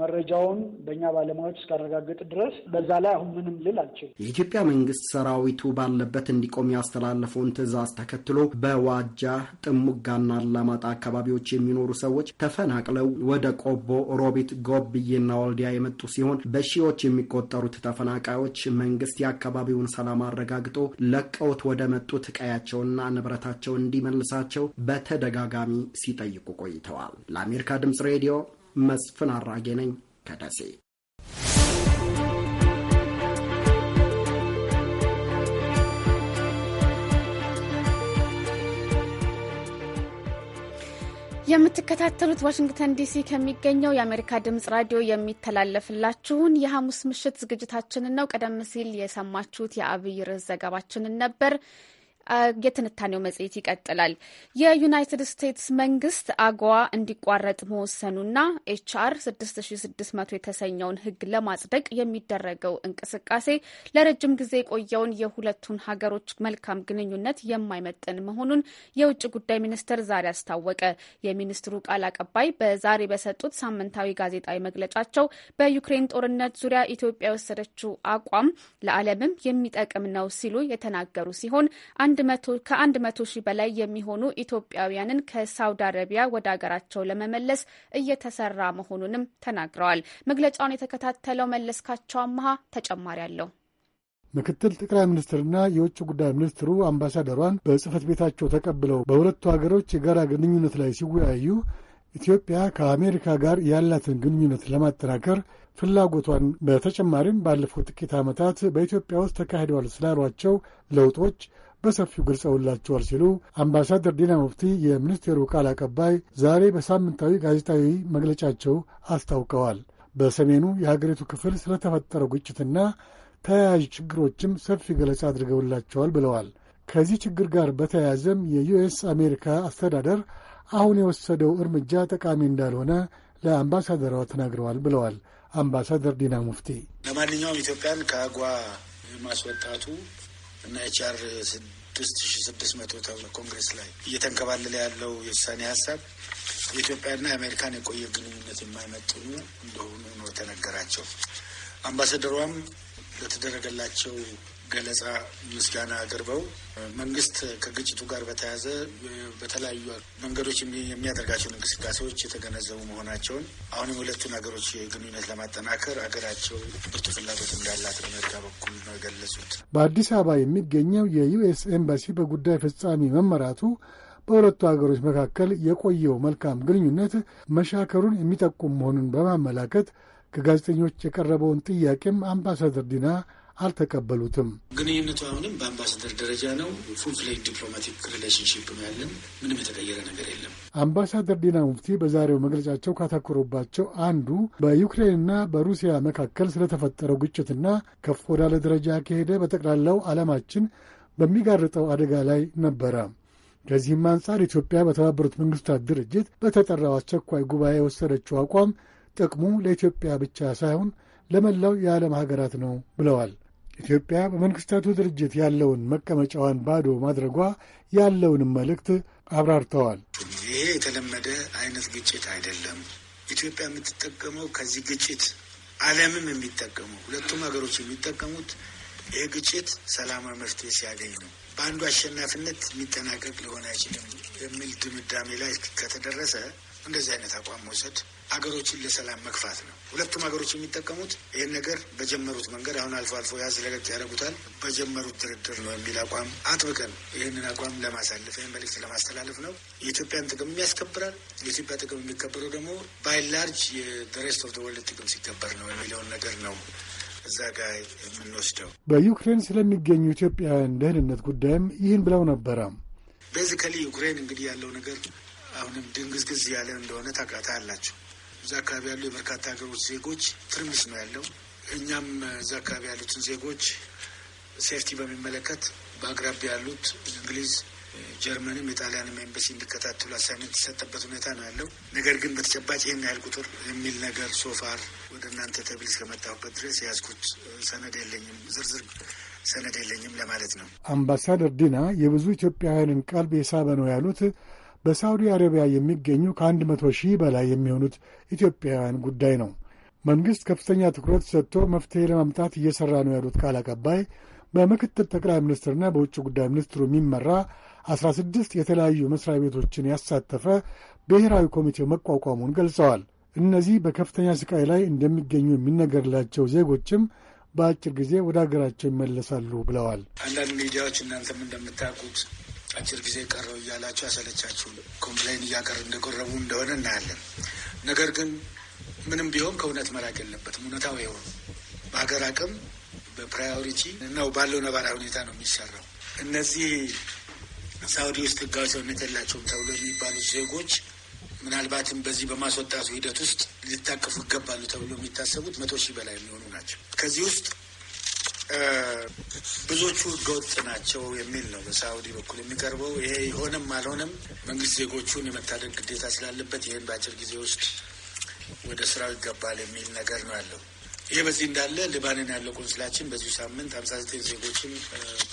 መረጃውን በእኛ ባለሙያዎች እስካረጋግጥ ድረስ በዛ ላይ አሁን ምንም ልል አልችልም። የኢትዮጵያ መንግስት ሰራዊቱ ባለበት እንዲቆም ያስተላለፈውን ትዕዛዝ ትዕዛዝ ተከትሎ በዋጃ ጥሙጋና አላማጣ አካባቢዎች የሚኖሩ ሰዎች ተፈናቅለው ወደ ቆቦ፣ ሮቢት፣ ጎብዬና ወልዲያ የመጡ ሲሆን በሺዎች የሚቆጠሩት ተፈናቃዮች መንግስት የአካባቢውን ሰላም አረጋግጦ ለቀውት ወደ መጡት ቀያቸውና ንብረታቸው እንዲመልሳቸው በተደጋጋሚ ሲጠይቁ ቆይተዋል። ለአሜሪካ ድምጽ ሬዲዮ መስፍን አራጌ ነኝ ከደሴ። የምትከታተሉት ዋሽንግተን ዲሲ ከሚገኘው የአሜሪካ ድምጽ ራዲዮ የሚተላለፍላችሁን የሐሙስ ምሽት ዝግጅታችንን ነው። ቀደም ሲል የሰማችሁት የአብይ ርዕስ ዘገባችንን ነበር። የትንታኔው መጽሔት ይቀጥላል። የዩናይትድ ስቴትስ መንግስት አጎዋ እንዲቋረጥ መወሰኑና ኤችአር 6600 የተሰኘውን ህግ ለማጽደቅ የሚደረገው እንቅስቃሴ ለረጅም ጊዜ የቆየውን የሁለቱን ሀገሮች መልካም ግንኙነት የማይመጥን መሆኑን የውጭ ጉዳይ ሚኒስትር ዛሬ አስታወቀ። የሚኒስትሩ ቃል አቀባይ በዛሬ በሰጡት ሳምንታዊ ጋዜጣዊ መግለጫቸው በዩክሬን ጦርነት ዙሪያ ኢትዮጵያ የወሰደችው አቋም ለዓለምም የሚጠቅም ነው ሲሉ የተናገሩ ሲሆን አንድ ከአንድ መቶ ሺህ በላይ የሚሆኑ ኢትዮጵያውያንን ከሳውዲ አረቢያ ወደ አገራቸው ለመመለስ እየተሰራ መሆኑንም ተናግረዋል። መግለጫውን የተከታተለው መለስካቸው አመሃ ተጨማሪ አለው። ምክትል ጠቅላይ ሚኒስትርና የውጭ ጉዳይ ሚኒስትሩ አምባሳደሯን በጽህፈት ቤታቸው ተቀብለው በሁለቱ ሀገሮች የጋራ ግንኙነት ላይ ሲወያዩ ኢትዮጵያ ከአሜሪካ ጋር ያላትን ግንኙነት ለማጠናከር ፍላጎቷን በተጨማሪም ባለፉት ጥቂት ዓመታት በኢትዮጵያ ውስጥ ተካሂደዋል ስላሏቸው ለውጦች በሰፊው ገልጸውላቸዋል ሲሉ አምባሳደር ዲና ሙፍቲ የሚኒስቴሩ ቃል አቀባይ ዛሬ በሳምንታዊ ጋዜጣዊ መግለጫቸው አስታውቀዋል። በሰሜኑ የሀገሪቱ ክፍል ስለተፈጠረው ግጭትና ተያያዥ ችግሮችም ሰፊ ገለጻ አድርገውላቸዋል ብለዋል። ከዚህ ችግር ጋር በተያያዘም የዩኤስ አሜሪካ አስተዳደር አሁን የወሰደው እርምጃ ጠቃሚ እንዳልሆነ ለአምባሳደሯ ተናግረዋል ብለዋል አምባሳደር ዲና ሙፍቲ። ለማንኛውም ኢትዮጵያን ከአጓ ማስወጣቱ እና ኤችአር ስድስት ሺ ስድስት መቶ ተብሎ ኮንግሬስ ላይ እየተንከባለለ ያለው የውሳኔ ሀሳብ የኢትዮጵያና የአሜሪካን የቆየ ግንኙነት የማይመጥኑ እንደሆኑ ነው ተነገራቸው። አምባሳደሯም ለተደረገላቸው ገለጻ ምስጋና አቅርበው መንግስት ከግጭቱ ጋር በተያያዘ በተለያዩ መንገዶች የሚያደርጋቸውን እንቅስቃሴዎች የተገነዘቡ መሆናቸውን አሁንም ሁለቱን ሀገሮች ግንኙነት ለማጠናከር ሀገራቸው ብርቱ ፍላጎት እንዳላት በመርጋ በኩል ነው የገለጹት። በአዲስ አበባ የሚገኘው የዩኤስ ኤምባሲ በጉዳይ ፍጻሜ መመራቱ በሁለቱ ሀገሮች መካከል የቆየው መልካም ግንኙነት መሻከሩን የሚጠቁም መሆኑን በማመላከት ከጋዜጠኞች የቀረበውን ጥያቄም አምባሳደር ዲና አልተቀበሉትም። ግንኙነቱ አሁንም በአምባሳደር ደረጃ ነው። ፉልፍሌ ዲፕሎማቲክ ሪሌሽንሽፕ ነው ያለን። ምንም የተቀየረ ነገር የለም። አምባሳደር ዲና ሙፍቲ በዛሬው መግለጫቸው ካተኮሩባቸው አንዱ በዩክሬንና በሩሲያ መካከል ስለተፈጠረው ግጭትና ከፍ ወዳለ ደረጃ ከሄደ በጠቅላላው ዓለማችን በሚጋርጠው አደጋ ላይ ነበረ። ከዚህም አንጻር ኢትዮጵያ በተባበሩት መንግስታት ድርጅት በተጠራው አስቸኳይ ጉባኤ የወሰደችው አቋም ጥቅሙ ለኢትዮጵያ ብቻ ሳይሆን ለመላው የዓለም ሀገራት ነው ብለዋል። ኢትዮጵያ በመንግስታቱ ድርጅት ያለውን መቀመጫዋን ባዶ ማድረጓ ያለውንም መልእክት አብራርተዋል። ይሄ የተለመደ አይነት ግጭት አይደለም። ኢትዮጵያ የምትጠቀመው ከዚህ ግጭት ዓለምም የሚጠቀመው ሁለቱም ሀገሮች የሚጠቀሙት ይህ ግጭት ሰላማዊ መፍትሄ ሲያገኝ ነው። በአንዱ አሸናፊነት የሚጠናቀቅ ሊሆን አይችልም የሚል ድምዳሜ ላይ ከተደረሰ እንደዚህ አይነት አቋም መውሰድ ሀገሮችን ለሰላም መግፋት ነው። ሁለቱም ሀገሮች የሚጠቀሙት ይህን ነገር በጀመሩት መንገድ አሁን አልፎ አልፎ ያዝ ለገብት ያደርጉታል በጀመሩት ድርድር ነው የሚል አቋም አጥብቀን ይህንን አቋም ለማሳለፍ ይህን መልዕክት ለማስተላለፍ ነው። የኢትዮጵያን ጥቅም ያስከብራል። የኢትዮጵያ ጥቅም የሚከበረው ደግሞ ባይላርጅ የሬስት ኦፍ ወርልድ ጥቅም ሲከበር ነው የሚለውን ነገር ነው እዛ ጋር የምንወስደው። በዩክሬን ስለሚገኙ ኢትዮጵያውያን ደህንነት ጉዳይም ይህን ብለው ነበረ። ቤዚካሊ ዩክሬን እንግዲህ ያለው ነገር አሁንም ድንግዝግዝ ያለ እንደሆነ ታውቃታ አላቸው እዛ አካባቢ ያሉ የበርካታ ሀገሮች ዜጎች ትርምስ ነው ያለው። እኛም እዛ አካባቢ ያሉትን ዜጎች ሴፍቲ በሚመለከት በአቅራቢያ ያሉት እንግሊዝ፣ ጀርመንም የጣሊያንም ኤምበሲ እንዲከታተሉ አሳይመንት የተሰጠበት ሁኔታ ነው ያለው። ነገር ግን በተጨባጭ ይህን ያህል ቁጥር የሚል ነገር ሶፋር ወደ እናንተ ተብል እስከመጣሁበት ድረስ የያዝኩት ሰነድ የለኝም ዝርዝር ሰነድ የለኝም ለማለት ነው። አምባሳደር ዲና የብዙ ኢትዮጵያውያንን ቀልብ የሳበ ነው ያሉት በሳዑዲ አረቢያ የሚገኙ ከአንድ መቶ ሺህ በላይ የሚሆኑት ኢትዮጵያውያን ጉዳይ ነው። መንግሥት ከፍተኛ ትኩረት ሰጥቶ መፍትሔ ለማምጣት እየሠራ ነው ያሉት ቃል አቀባይ በምክትል ጠቅላይ ሚኒስትርና በውጭ ጉዳይ ሚኒስትሩ የሚመራ አስራ ስድስት የተለያዩ መሥሪያ ቤቶችን ያሳተፈ ብሔራዊ ኮሚቴ መቋቋሙን ገልጸዋል። እነዚህ በከፍተኛ ሥቃይ ላይ እንደሚገኙ የሚነገርላቸው ዜጎችም በአጭር ጊዜ ወደ አገራቸው ይመለሳሉ ብለዋል። አንዳንድ ሚዲያዎች እናንተም እንደምታውቁት አጭር ጊዜ ቀረው እያላቸው ያሰለቻችሁ ኮምፕላይን እያቀር እንደቆረቡ እንደሆነ እናያለን። ነገር ግን ምንም ቢሆን ከእውነት መራቅ የለበትም። እውነታው የሆኑ በሀገር አቅም በፕራዮሪቲ ነው ባለው ነባራዊ ሁኔታ ነው የሚሰራው። እነዚህ ሳውዲ ውስጥ ህጋዊ ሰውነት የላቸውም ተብሎ የሚባሉት ዜጎች ምናልባትም በዚህ በማስወጣቱ ሂደት ውስጥ ሊታቀፉ ይገባሉ ተብሎ የሚታሰቡት መቶ ሺህ በላይ የሚሆኑ ናቸው። ከዚህ ውስጥ ብዙዎቹ ህገወጥ ናቸው የሚል ነው በሳውዲ በኩል የሚቀርበው። ይሄ የሆነም አልሆነም መንግስት ዜጎቹን የመታደግ ግዴታ ስላለበት ይህን በአጭር ጊዜ ውስጥ ወደ ስራው ይገባል የሚል ነገር ነው ያለው። ይህ በዚህ እንዳለ ሊባንን ያለው ቆንስላችን በዚሁ ሳምንት ሀምሳ ዘጠኝ ዜጎችን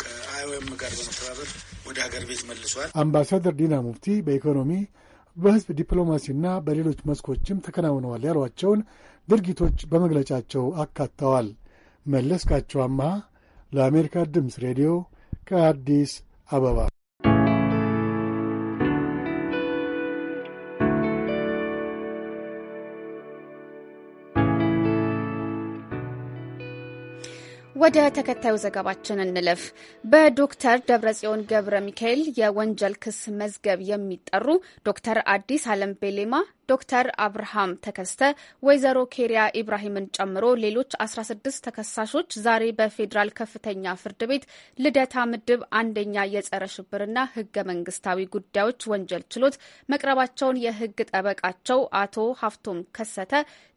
ከአይኦኤም ጋር በመተባበር ወደ ሀገር ቤት መልሷል። አምባሳደር ዲና ሙፍቲ በኢኮኖሚ በህዝብ ዲፕሎማሲና በሌሎች መስኮችም ተከናውነዋል ያሏቸውን ድርጊቶች በመግለጫቸው አካተዋል። መለስካቸው አማሃ ለአሜሪካ ድምፅ ሬዲዮ ከአዲስ አበባ ወደ ተከታዩ ዘገባችን እንለፍ። በዶክተር ደብረጽዮን ገብረ ሚካኤል የወንጀል ክስ መዝገብ የሚጠሩ ዶክተር አዲስ አለም ቤሌማ ዶክተር አብርሃም ተከስተ፣ ወይዘሮ ኬሪያ ኢብራሂምን ጨምሮ ሌሎች 16 ተከሳሾች ዛሬ በፌዴራል ከፍተኛ ፍርድ ቤት ልደታ ምድብ አንደኛ የጸረ ሽብርና ህገ መንግስታዊ ጉዳዮች ወንጀል ችሎት መቅረባቸውን የህግ ጠበቃቸው አቶ ሀፍቶም ከሰተ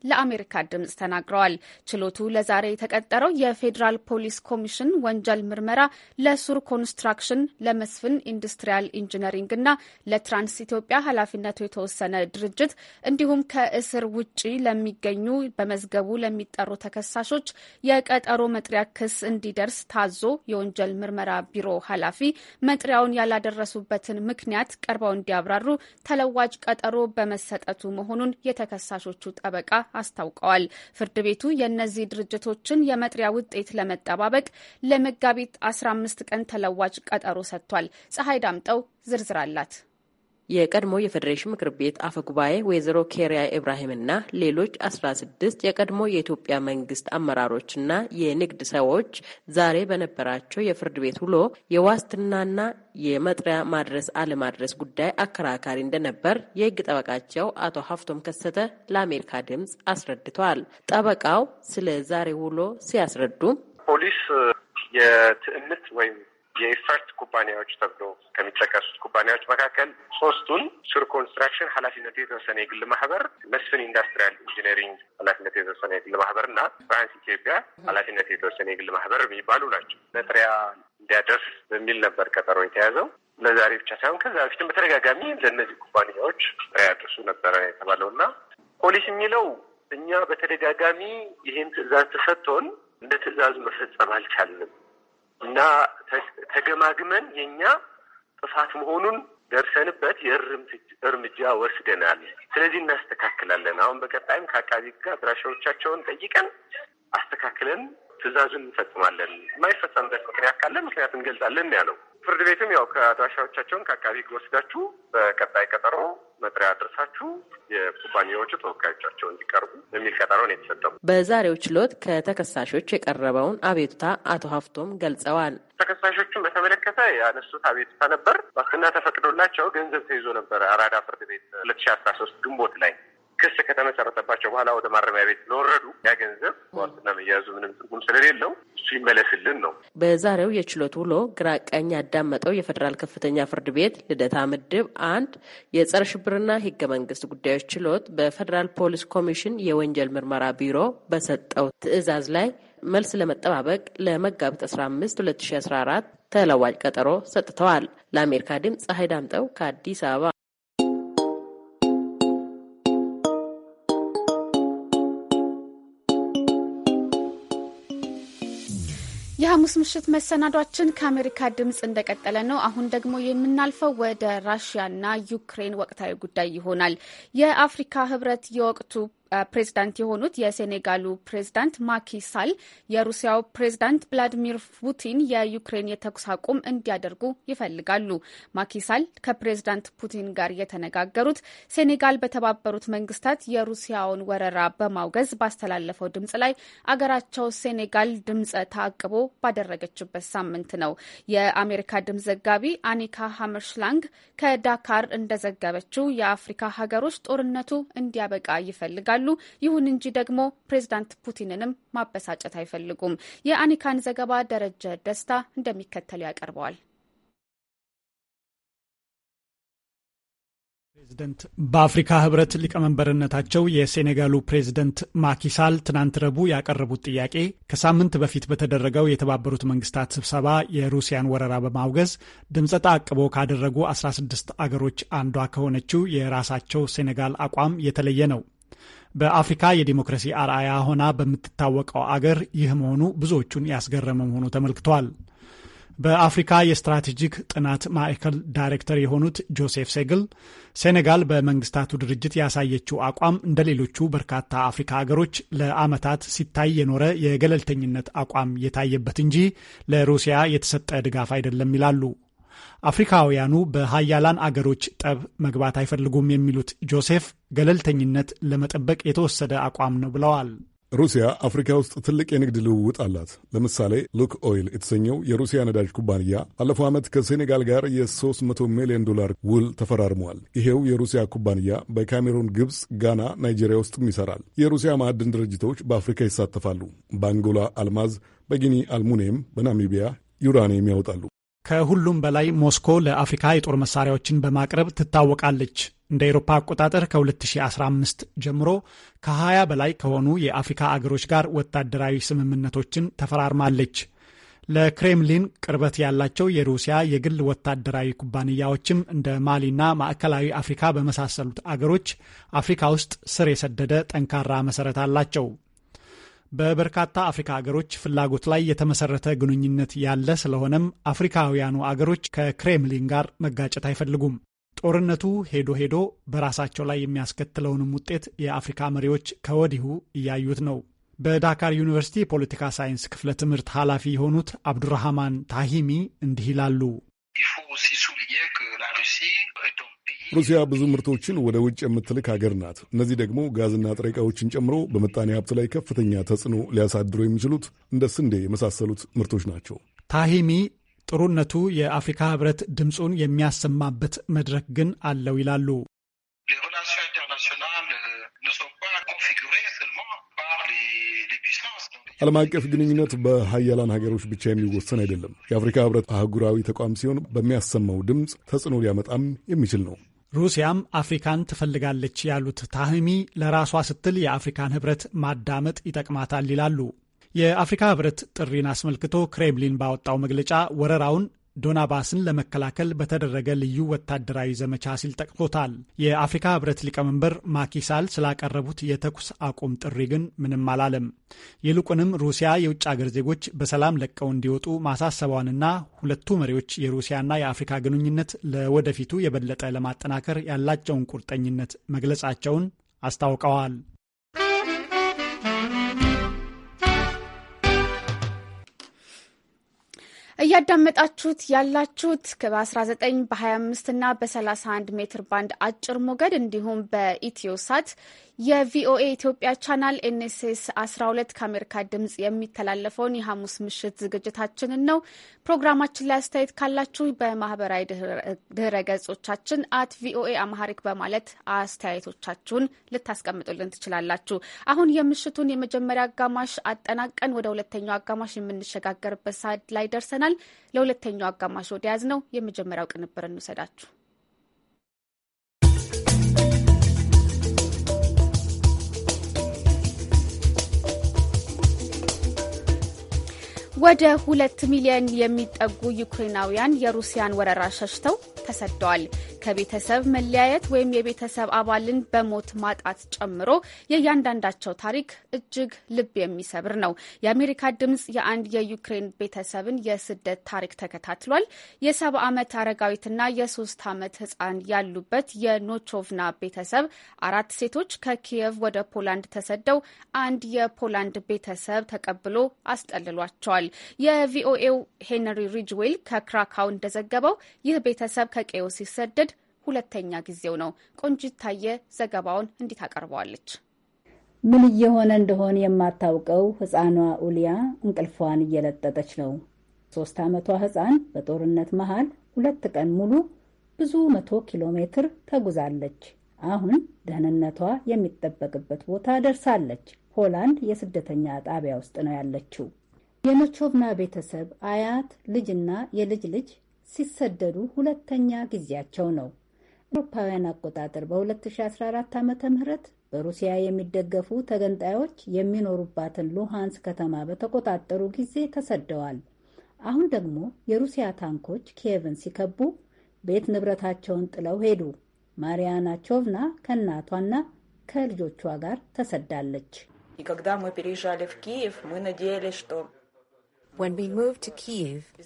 ለአሜሪካ ድምጽ ተናግረዋል። ችሎቱ ለዛሬ የተቀጠረው የፌዴራል ፖሊስ ኮሚሽን ወንጀል ምርመራ ለሱር ኮንስትራክሽን፣ ለመስፍን ኢንዱስትሪያል ኢንጂነሪንግ እና ለትራንስ ኢትዮጵያ ኃላፊነቱ የተወሰነ ድርጅት እንዲሁም ከእስር ውጪ ለሚገኙ በመዝገቡ ለሚጠሩ ተከሳሾች የቀጠሮ መጥሪያ ክስ እንዲደርስ ታዞ የወንጀል ምርመራ ቢሮ ኃላፊ መጥሪያውን ያላደረሱበትን ምክንያት ቀርበው እንዲያብራሩ ተለዋጭ ቀጠሮ በመሰጠቱ መሆኑን የተከሳሾቹ ጠበቃ አስታውቀዋል። ፍርድ ቤቱ የእነዚህ ድርጅቶችን የመጥሪያ ውጤት ለመጠባበቅ ለመጋቢት 15 ቀን ተለዋጭ ቀጠሮ ሰጥቷል። ፀሐይ ዳምጠው ዝርዝር አላት። የቀድሞ የፌዴሬሽን ምክር ቤት አፈ ጉባኤ ወይዘሮ ኬሪያ ኢብራሂምና ሌሎች አስራ ስድስት የቀድሞ የኢትዮጵያ መንግስት አመራሮችና የንግድ ሰዎች ዛሬ በነበራቸው የፍርድ ቤት ውሎ የዋስትናና የመጥሪያ ማድረስ አለማድረስ ጉዳይ አከራካሪ እንደነበር የህግ ጠበቃቸው አቶ ሀፍቶም ከሰተ ለአሜሪካ ድምፅ አስረድተዋል። ጠበቃው ስለ ዛሬ ውሎ ሲያስረዱም ፖሊስ የትዕምት ወይም የኢፈርት ኩባንያዎች ተብሎ ከሚጠቀሱት ኩባንያዎች መካከል ሶስቱን ሱር ኮንስትራክሽን ኃላፊነቱ የተወሰነ የግል ማህበር፣ መስፍን ኢንዱስትሪያል ኢንጂነሪንግ ኃላፊነቱ የተወሰነ የግል ማህበር እና ፍራንስ ኢትዮጵያ ኃላፊነቱ የተወሰነ የግል ማህበር የሚባሉ ናቸው። መጥሪያ እንዲያደርስ በሚል ነበር ቀጠሮ የተያዘው። ለዛሬ ብቻ ሳይሆን ከዛ በፊትም በተደጋጋሚ ለእነዚህ ኩባንያዎች መጥሪያ ያደርሱ ነበረ የተባለው እና ፖሊስ የሚለው እኛ በተደጋጋሚ ይህን ትዕዛዝ ተሰጥቶን እንደ ትዕዛዙ መፈጸም አልቻልንም እና ተገማግመን የእኛ ጥፋት መሆኑን ደርሰንበት የእርምጃ ወስደናል። ስለዚህ እናስተካክላለን። አሁን በቀጣይም ከአቃቢ ጋር አድራሻዎቻቸውን ጠይቀን አስተካክለን ትዕዛዙን እንፈጽማለን። የማይፈጸምበት ምክንያት ካለ ምክንያት እንገልጻለን ያለው ፍርድ ቤትም ያው ከአድራሻዎቻቸውን ከአካባቢ ህግ ወስዳችሁ በቀጣይ ቀጠሮ መጥሪያ አድርሳችሁ የኩባንያዎቹ ተወካዮቻቸው እንዲቀርቡ የሚል ቀጠሮ ነው የተሰጠው። በዛሬው ችሎት ከተከሳሾች የቀረበውን አቤቱታ አቶ ሀፍቶም ገልጸዋል። ተከሳሾቹን በተመለከተ ያነሱት አቤቱታ ነበር። ዋስትና ተፈቅዶላቸው ገንዘብ ተይዞ ነበር አራዳ ፍርድ ቤት ሁለት ሺ አስራ ሶስት ግንቦት ላይ ክስ ከተመሰረተባቸው በኋላ ወደ ማረሚያ ቤት ለወረዱ ያ ገንዘብ ዋስትና መያዙ ምንም ትርጉም ስለሌለው እሱ ይመለስልን ነው። በዛሬው የችሎት ውሎ ግራ ቀኝ ያዳመጠው የፌዴራል ከፍተኛ ፍርድ ቤት ልደታ ምድብ አንድ የጸረ ሽብርና ህገ መንግስት ጉዳዮች ችሎት በፌዴራል ፖሊስ ኮሚሽን የወንጀል ምርመራ ቢሮ በሰጠው ትዕዛዝ ላይ መልስ ለመጠባበቅ ለመጋቢት 15 2014 ተለዋጭ ቀጠሮ ሰጥተዋል። ለአሜሪካ ድምፅ ፀሐይ ዳምጠው ከአዲስ አበባ የሐሙስ ምሽት መሰናዷችን ከአሜሪካ ድምፅ እንደቀጠለ ነው። አሁን ደግሞ የምናልፈው ወደ ራሽያና ዩክሬን ወቅታዊ ጉዳይ ይሆናል። የአፍሪካ ህብረት የወቅቱ ፕሬዝዳንት የሆኑት የሴኔጋሉ ፕሬዝዳንት ማኪ ሳል የሩሲያው ፕሬዝዳንት ቭላዲሚር ፑቲን የዩክሬን የተኩስ አቁም እንዲያደርጉ ይፈልጋሉ። ማኪ ሳል ከፕሬዝዳንት ፑቲን ጋር የተነጋገሩት ሴኔጋል በተባበሩት መንግስታት የሩሲያውን ወረራ በማውገዝ ባስተላለፈው ድምጽ ላይ አገራቸው ሴኔጋል ድምጸ ተአቅቦ ባደረገችበት ሳምንት ነው። የአሜሪካ ድምጽ ዘጋቢ አኒካ ሀመርሽላንግ ከዳካር እንደዘገበችው የአፍሪካ ሀገሮች ጦርነቱ እንዲያበቃ ይፈልጋሉ ይችላሉ። ይሁን እንጂ ደግሞ ፕሬዚዳንት ፑቲንንም ማበሳጨት አይፈልጉም። የአኒካን ዘገባ ደረጀ ደስታ እንደሚከተል ያቀርበዋል። ፕሬዚደንት በአፍሪካ ህብረት ሊቀመንበርነታቸው የሴኔጋሉ ፕሬዚደንት ማኪሳል ትናንት ረቡዕ ያቀረቡት ጥያቄ ከሳምንት በፊት በተደረገው የተባበሩት መንግስታት ስብሰባ የሩሲያን ወረራ በማውገዝ ድምፀ ተአቅቦ ካደረጉ 16 አገሮች አንዷ ከሆነችው የራሳቸው ሴኔጋል አቋም የተለየ ነው። በአፍሪካ የዲሞክራሲ አርአያ ሆና በምትታወቀው አገር ይህ መሆኑ ብዙዎቹን ያስገረመ መሆኑ ተመልክቷል። በአፍሪካ የስትራቴጂክ ጥናት ማዕከል ዳይሬክተር የሆኑት ጆሴፍ ሴግል ሴኔጋል በመንግስታቱ ድርጅት ያሳየችው አቋም እንደ ሌሎቹ በርካታ አፍሪካ ሀገሮች ለዓመታት ሲታይ የኖረ የገለልተኝነት አቋም የታየበት እንጂ ለሩሲያ የተሰጠ ድጋፍ አይደለም ይላሉ። አፍሪካውያኑ በሀያላን አገሮች ጠብ መግባት አይፈልጉም የሚሉት ጆሴፍ ገለልተኝነት ለመጠበቅ የተወሰደ አቋም ነው ብለዋል። ሩሲያ አፍሪካ ውስጥ ትልቅ የንግድ ልውውጥ አላት። ለምሳሌ ሉክ ኦይል የተሰኘው የሩሲያ ነዳጅ ኩባንያ ባለፈው ዓመት ከሴኔጋል ጋር የ300 ሚሊዮን ዶላር ውል ተፈራርመዋል። ይሄው የሩሲያ ኩባንያ በካሜሩን፣ ግብፅ፣ ጋና፣ ናይጄሪያ ውስጥም ይሰራል። የሩሲያ ማዕድን ድርጅቶች በአፍሪካ ይሳተፋሉ። በአንጎላ አልማዝ፣ በጊኒ አልሙኒየም፣ በናሚቢያ ዩራኒየም ያወጣሉ። ከሁሉም በላይ ሞስኮ ለአፍሪካ የጦር መሳሪያዎችን በማቅረብ ትታወቃለች። እንደ አውሮፓ አቆጣጠር ከ2015 ጀምሮ ከ20 በላይ ከሆኑ የአፍሪካ አገሮች ጋር ወታደራዊ ስምምነቶችን ተፈራርማለች። ለክሬምሊን ቅርበት ያላቸው የሩሲያ የግል ወታደራዊ ኩባንያዎችም እንደ ማሊና ማዕከላዊ አፍሪካ በመሳሰሉት አገሮች አፍሪካ ውስጥ ስር የሰደደ ጠንካራ መሰረት አላቸው። በበርካታ አፍሪካ አገሮች ፍላጎት ላይ የተመሰረተ ግንኙነት ያለ ስለሆነም አፍሪካውያኑ አገሮች ከክሬምሊን ጋር መጋጨት አይፈልጉም። ጦርነቱ ሄዶ ሄዶ በራሳቸው ላይ የሚያስከትለውንም ውጤት የአፍሪካ መሪዎች ከወዲሁ እያዩት ነው። በዳካር ዩኒቨርሲቲ የፖለቲካ ሳይንስ ክፍለ ትምህርት ኃላፊ የሆኑት አብዱራህማን ታሂሚ እንዲህ ይላሉ። ሩሲያ ብዙ ምርቶችን ወደ ውጭ የምትልክ ሀገር ናት። እነዚህ ደግሞ ጋዝና ጥሬ ዕቃዎችን ጨምሮ በምጣኔ ሀብት ላይ ከፍተኛ ተጽዕኖ ሊያሳድሩ የሚችሉት እንደ ስንዴ የመሳሰሉት ምርቶች ናቸው። ታሂሚ ጥሩነቱ የአፍሪካ ህብረት ድምፁን የሚያሰማበት መድረክ ግን አለው ይላሉ። ዓለም አቀፍ ግንኙነት በሀያላን ሀገሮች ብቻ የሚወሰን አይደለም። የአፍሪካ ህብረት አህጉራዊ ተቋም ሲሆን በሚያሰማው ድምፅ ተጽዕኖ ሊያመጣም የሚችል ነው። ሩሲያም አፍሪካን ትፈልጋለች ያሉት ታህሚ ለራሷ ስትል የአፍሪካን ህብረት ማዳመጥ ይጠቅማታል ይላሉ። የአፍሪካ ህብረት ጥሪን አስመልክቶ ክሬምሊን ባወጣው መግለጫ ወረራውን ዶናባስን ለመከላከል በተደረገ ልዩ ወታደራዊ ዘመቻ ሲል ጠቅሶታል። የአፍሪካ ህብረት ሊቀመንበር ማኪሳል ስላቀረቡት የተኩስ አቁም ጥሪ ግን ምንም አላለም። ይልቁንም ሩሲያ የውጭ አገር ዜጎች በሰላም ለቀው እንዲወጡ ማሳሰቧንና ሁለቱ መሪዎች የሩሲያና የአፍሪካ ግንኙነት ለወደፊቱ የበለጠ ለማጠናከር ያላቸውን ቁርጠኝነት መግለጻቸውን አስታውቀዋል። እያዳመጣችሁት ያላችሁት በ19 በ25 እና በ31 ሜትር ባንድ አጭር ሞገድ እንዲሁም በኢትዮ ሳት የቪኦኤ ኢትዮጵያ ቻናል ኤንኤስኤስ 12 ከአሜሪካ ድምጽ የሚተላለፈውን የሐሙስ ምሽት ዝግጅታችንን ነው። ፕሮግራማችን ላይ አስተያየት ካላችሁ በማህበራዊ ድህረ ገጾቻችን አት ቪኦኤ አማሐሪክ በማለት አስተያየቶቻችሁን ልታስቀምጡልን ትችላላችሁ። አሁን የምሽቱን የመጀመሪያ አጋማሽ አጠናቀን ወደ ሁለተኛው አጋማሽ የምንሸጋገርበት ሰዓት ላይ ደርሰን ተመልሰናል። ለሁለተኛው አጋማሽ ወደ ያዝ ነው የመጀመሪያው ቅንብር እንውሰዳችሁ። ወደ ሁለት ሚሊዮን የሚጠጉ ዩክሬናውያን የሩሲያን ወረራ ሸሽተው ተሰደዋል። ከቤተሰብ መለያየት ወይም የቤተሰብ አባልን በሞት ማጣት ጨምሮ የእያንዳንዳቸው ታሪክ እጅግ ልብ የሚሰብር ነው። የአሜሪካ ድምፅ የአንድ የዩክሬን ቤተሰብን የስደት ታሪክ ተከታትሏል። የሰባ ዓመት አረጋዊትና የሶስት ዓመት ህፃን ያሉበት የኖቾቭና ቤተሰብ አራት ሴቶች ከኪየቭ ወደ ፖላንድ ተሰደው አንድ የፖላንድ ቤተሰብ ተቀብሎ አስጠልሏቸዋል። የቪኦኤው ሄንሪ ሪጅዌል ከክራካው እንደዘገበው ይህ ቤተሰብ ከቀዮ ሲሰደድ ሁለተኛ ጊዜው ነው። ቆንጂት ታየ ዘገባውን እንዴት አቀርበዋለች ምን እየሆነ እንደሆን የማታውቀው ህፃኗ ኡሊያ እንቅልፏን እየለጠጠች ነው። ሶስት ዓመቷ ህፃን በጦርነት መሃል ሁለት ቀን ሙሉ ብዙ መቶ ኪሎ ሜትር ተጉዛለች። አሁን ደህንነቷ የሚጠበቅበት ቦታ ደርሳለች። ፖላንድ የስደተኛ ጣቢያ ውስጥ ነው ያለችው። የኖቾቭና ቤተሰብ አያት፣ ልጅና የልጅ ልጅ ሲሰደዱ ሁለተኛ ጊዜያቸው ነው። አውሮፓውያን አቆጣጠር በ2014 ዓ ም በሩሲያ የሚደገፉ ተገንጣዮች የሚኖሩባትን ሉሃንስ ከተማ በተቆጣጠሩ ጊዜ ተሰደዋል። አሁን ደግሞ የሩሲያ ታንኮች ኪየቭን ሲከቡ ቤት ንብረታቸውን ጥለው ሄዱ። ማሪያና ቾቭና ከእናቷና ከልጆቿ ጋር ተሰዳለች። ኪየቭ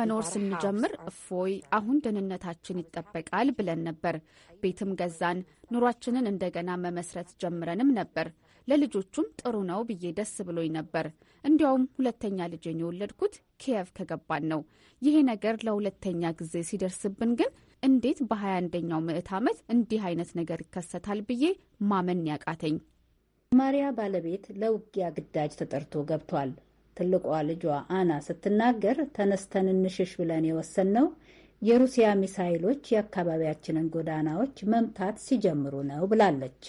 መኖር ስንጀምር እፎይ አሁን ደህንነታችን ይጠበቃል ብለን ነበር። ቤትም ገዛን፣ ኑሯችንን እንደገና መመስረት ጀምረንም ነበር። ለልጆቹም ጥሩ ነው ብዬ ደስ ብሎኝ ነበር። እንዲያውም ሁለተኛ ልጄን የወለድኩት ኪየቭ ከገባን ነው። ይሄ ነገር ለሁለተኛ ጊዜ ሲደርስብን ግን እንዴት በ21ኛው ምዕት ዓመት እንዲህ አይነት ነገር ይከሰታል ብዬ ማመን ያቃተኝ። ማሪያ ባለቤት ለውጊያ ግዳጅ ተጠርቶ ገብቷል። ትልቋ ልጇ አና ስትናገር ተነስተን እንሽሽ ብለን የወሰንነው የሩሲያ ሚሳይሎች የአካባቢያችንን ጎዳናዎች መምታት ሲጀምሩ ነው ብላለች።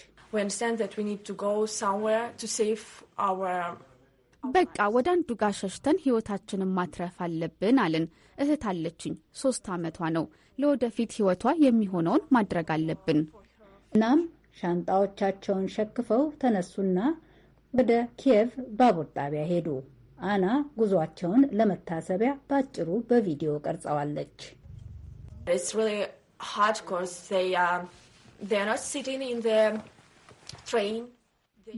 በቃ ወደ አንዱ ጋር ሸሽተን ህይወታችንን ማትረፍ አለብን አልን። እህት አለችኝ፣ ሶስት ዓመቷ ነው። ለወደፊት ህይወቷ የሚሆነውን ማድረግ አለብን። እናም ሻንጣዎቻቸውን ሸክፈው ተነሱና ወደ ኪየቭ ባቡር ጣቢያ ሄዱ። አና ጉዟቸውን ለመታሰቢያ ባጭሩ በቪዲዮ ቀርጸዋለች። um,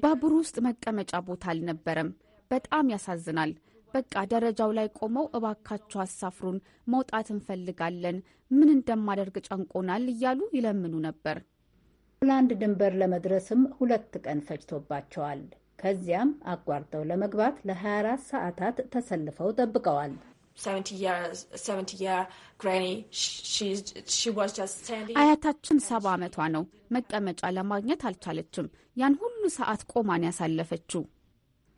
ባቡር ውስጥ መቀመጫ ቦታ አልነበረም። በጣም ያሳዝናል። በቃ ደረጃው ላይ ቆመው እባካችሁ አሳፍሩን፣ መውጣት እንፈልጋለን፣ ምን እንደማደርግ ጨንቆናል እያሉ ይለምኑ ነበር። ሆላንድ ድንበር ለመድረስም ሁለት ቀን ፈጅቶባቸዋል። ከዚያም አቋርጠው ለመግባት ለ24 ሰዓታት ተሰልፈው ጠብቀዋል። አያታችን ሰባ ዓመቷ ነው። መቀመጫ ለማግኘት አልቻለችም። ያን ሁሉ ሰዓት ቆማን ያሳለፈችው።